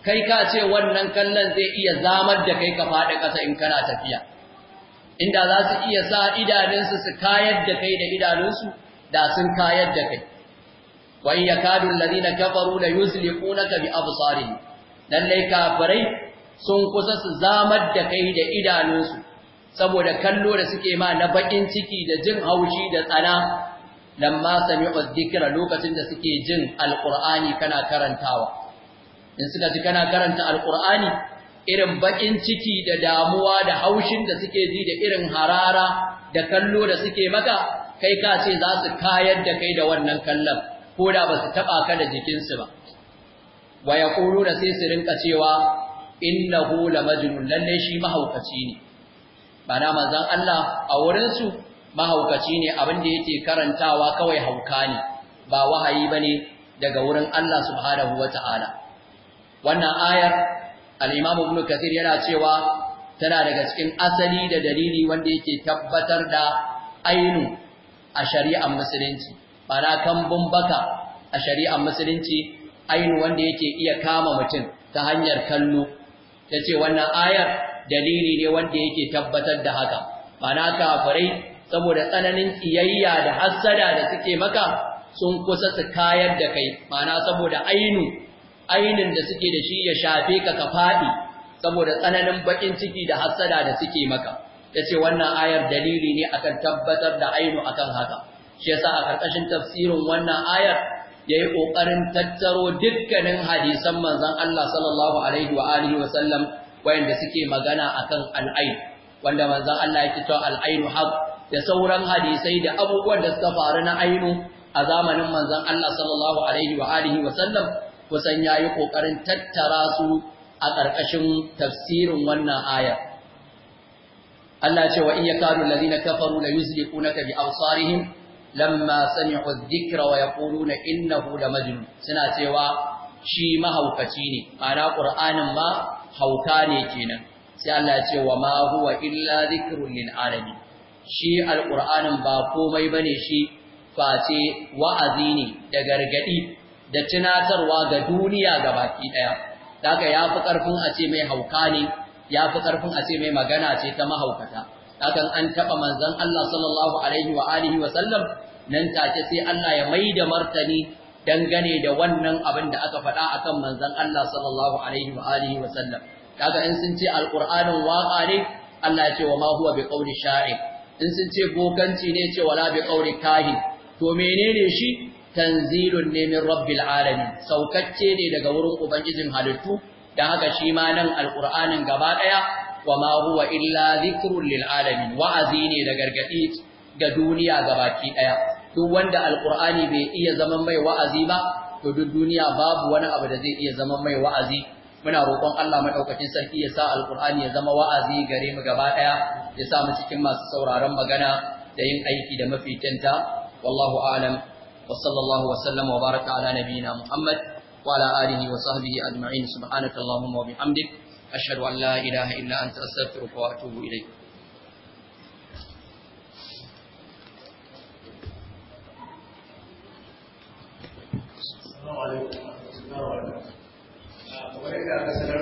Speaker 1: kai ka ce wannan kallon zai iya zamar da kai ka faɗi ƙasa in kana tafiya inda za su iya sa idanun su kayar da kai da idanunsu da sun kayar da kai wa in yakadu alladhina kafaru la yuzliqunaka bi absarihim lalle kafirai sun kusa su zamar da kai da idanunsu saboda kallo da suke ma na bakin ciki da jin haushi da tsana ma sami'u dhikra lokacin da suke jin alqur'ani kana karantawa in suka ji kana karanta alqur'ani irin bakin ciki da damuwa da haushin da suke ji da irin harara da kallo da suke maka kai ka ce za su kayar da kai da wannan kallon ko da ba su taɓa ka da jikinsu ba wa ya da sai su rinka cewa innahu la majnun lalle shi mahaukaci ne bana manzon Allah a wurin su mahaukaci ne abin da yake karantawa kawai hauka ne ba wahayi bane daga wurin Allah subhanahu wataala wannan ayar al-Imam Ibn Kathir yana cewa tana daga cikin asali da dalili wanda yake tabbatar da ainu a shari'ar musulunci bara kan baka a shari'ar musulunci ainu wanda yake iya kama mutum ta hanyar kallo ta ce wannan ayar dalili ne wanda yake tabbatar da haka mana kafirai saboda tsananin kiyayya da hassada da suke maka sun kusa su kayar da kai mana saboda ainu ainin da suke da shi ya shafe ka ka faɗi saboda tsananin bakin ciki da hassada da suke maka ta ce wannan ayar dalili ne akan tabbatar da ainu akan haka shi yasa a ƙarƙashin tafsirin wannan ayar yayi ƙoƙarin tattaro dukkanin hadisan manzan Allah sallallahu alaihi wa'Alihi wa sallam wayanda suke magana kan al'ain wanda manzan Allah yake cewa al'ainu haq da sauran hadisai da abubuwan da suka faru na ainu a zamanin manzan Allah sallallahu alaihi wa sallam kusan yayi ƙoƙarin tattara su a ƙarƙashin tafsirin wannan ayar. Allah ce wa in yakadu allazina kafaru la yuzliqunaka bi absarihim lamma sami'u dhikra wa yaquluna innahu lamajnun suna cewa shi mahaukaci ne ana qur'anin ma hauka ne kenan sai Allah ya ce wa ma huwa illa dhikrun lil alamin shi alqur'anin ba komai bane shi face wa'azi ne da gargadi da tunatarwa ga duniya gabaki daya daga yafi karfin a ce mai hauka ne yafi karfin a ce mai magana ce ta mahaukata Hakan an taɓa manzon Allah sallallahu alaihi wa alihi nan take sai Allah ya mai da martani dangane da wannan abin da aka faɗa akan manzon Allah sallallahu alaihi wa alihi kaga in sun ce alqur'anin waqa ne Allah ya ce wa ma huwa biqauli sha'ir in sun ce bokanci ne ce wala biqauli kahin to menene shi tanzilun ne min rabbil alamin saukacce ne daga wurin ubangijin halittu don haka shi ma nan alqur'anin gaba ɗaya? wa ma huwa illa dhikrun lil alamin wa'azi ne da gargadi ga duniya gabaki daya duk wanda alqur'ani bai iya zaman mai wa'azi ba to duk duniya babu wani abu da zai iya zaman mai wa'azi muna roƙon Allah madaukakin sarki ya sa alqur'ani ya zama wa'azi gare mu gaba daya ya sa mu cikin masu sauraron magana da yin aiki da mafitanta wallahu a'lam wa sallallahu wa sallam wa baraka ala nabiyyina muhammad wa ala alihi wa sahbihi ajma'in subhanakallahumma wa bihamdika أشهد أن لا إله إلا أنت أستغفرك وأتوب إليك
Speaker 3: السلام عليكم sanar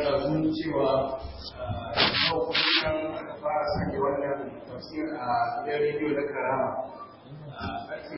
Speaker 3: da cewa wannan a karama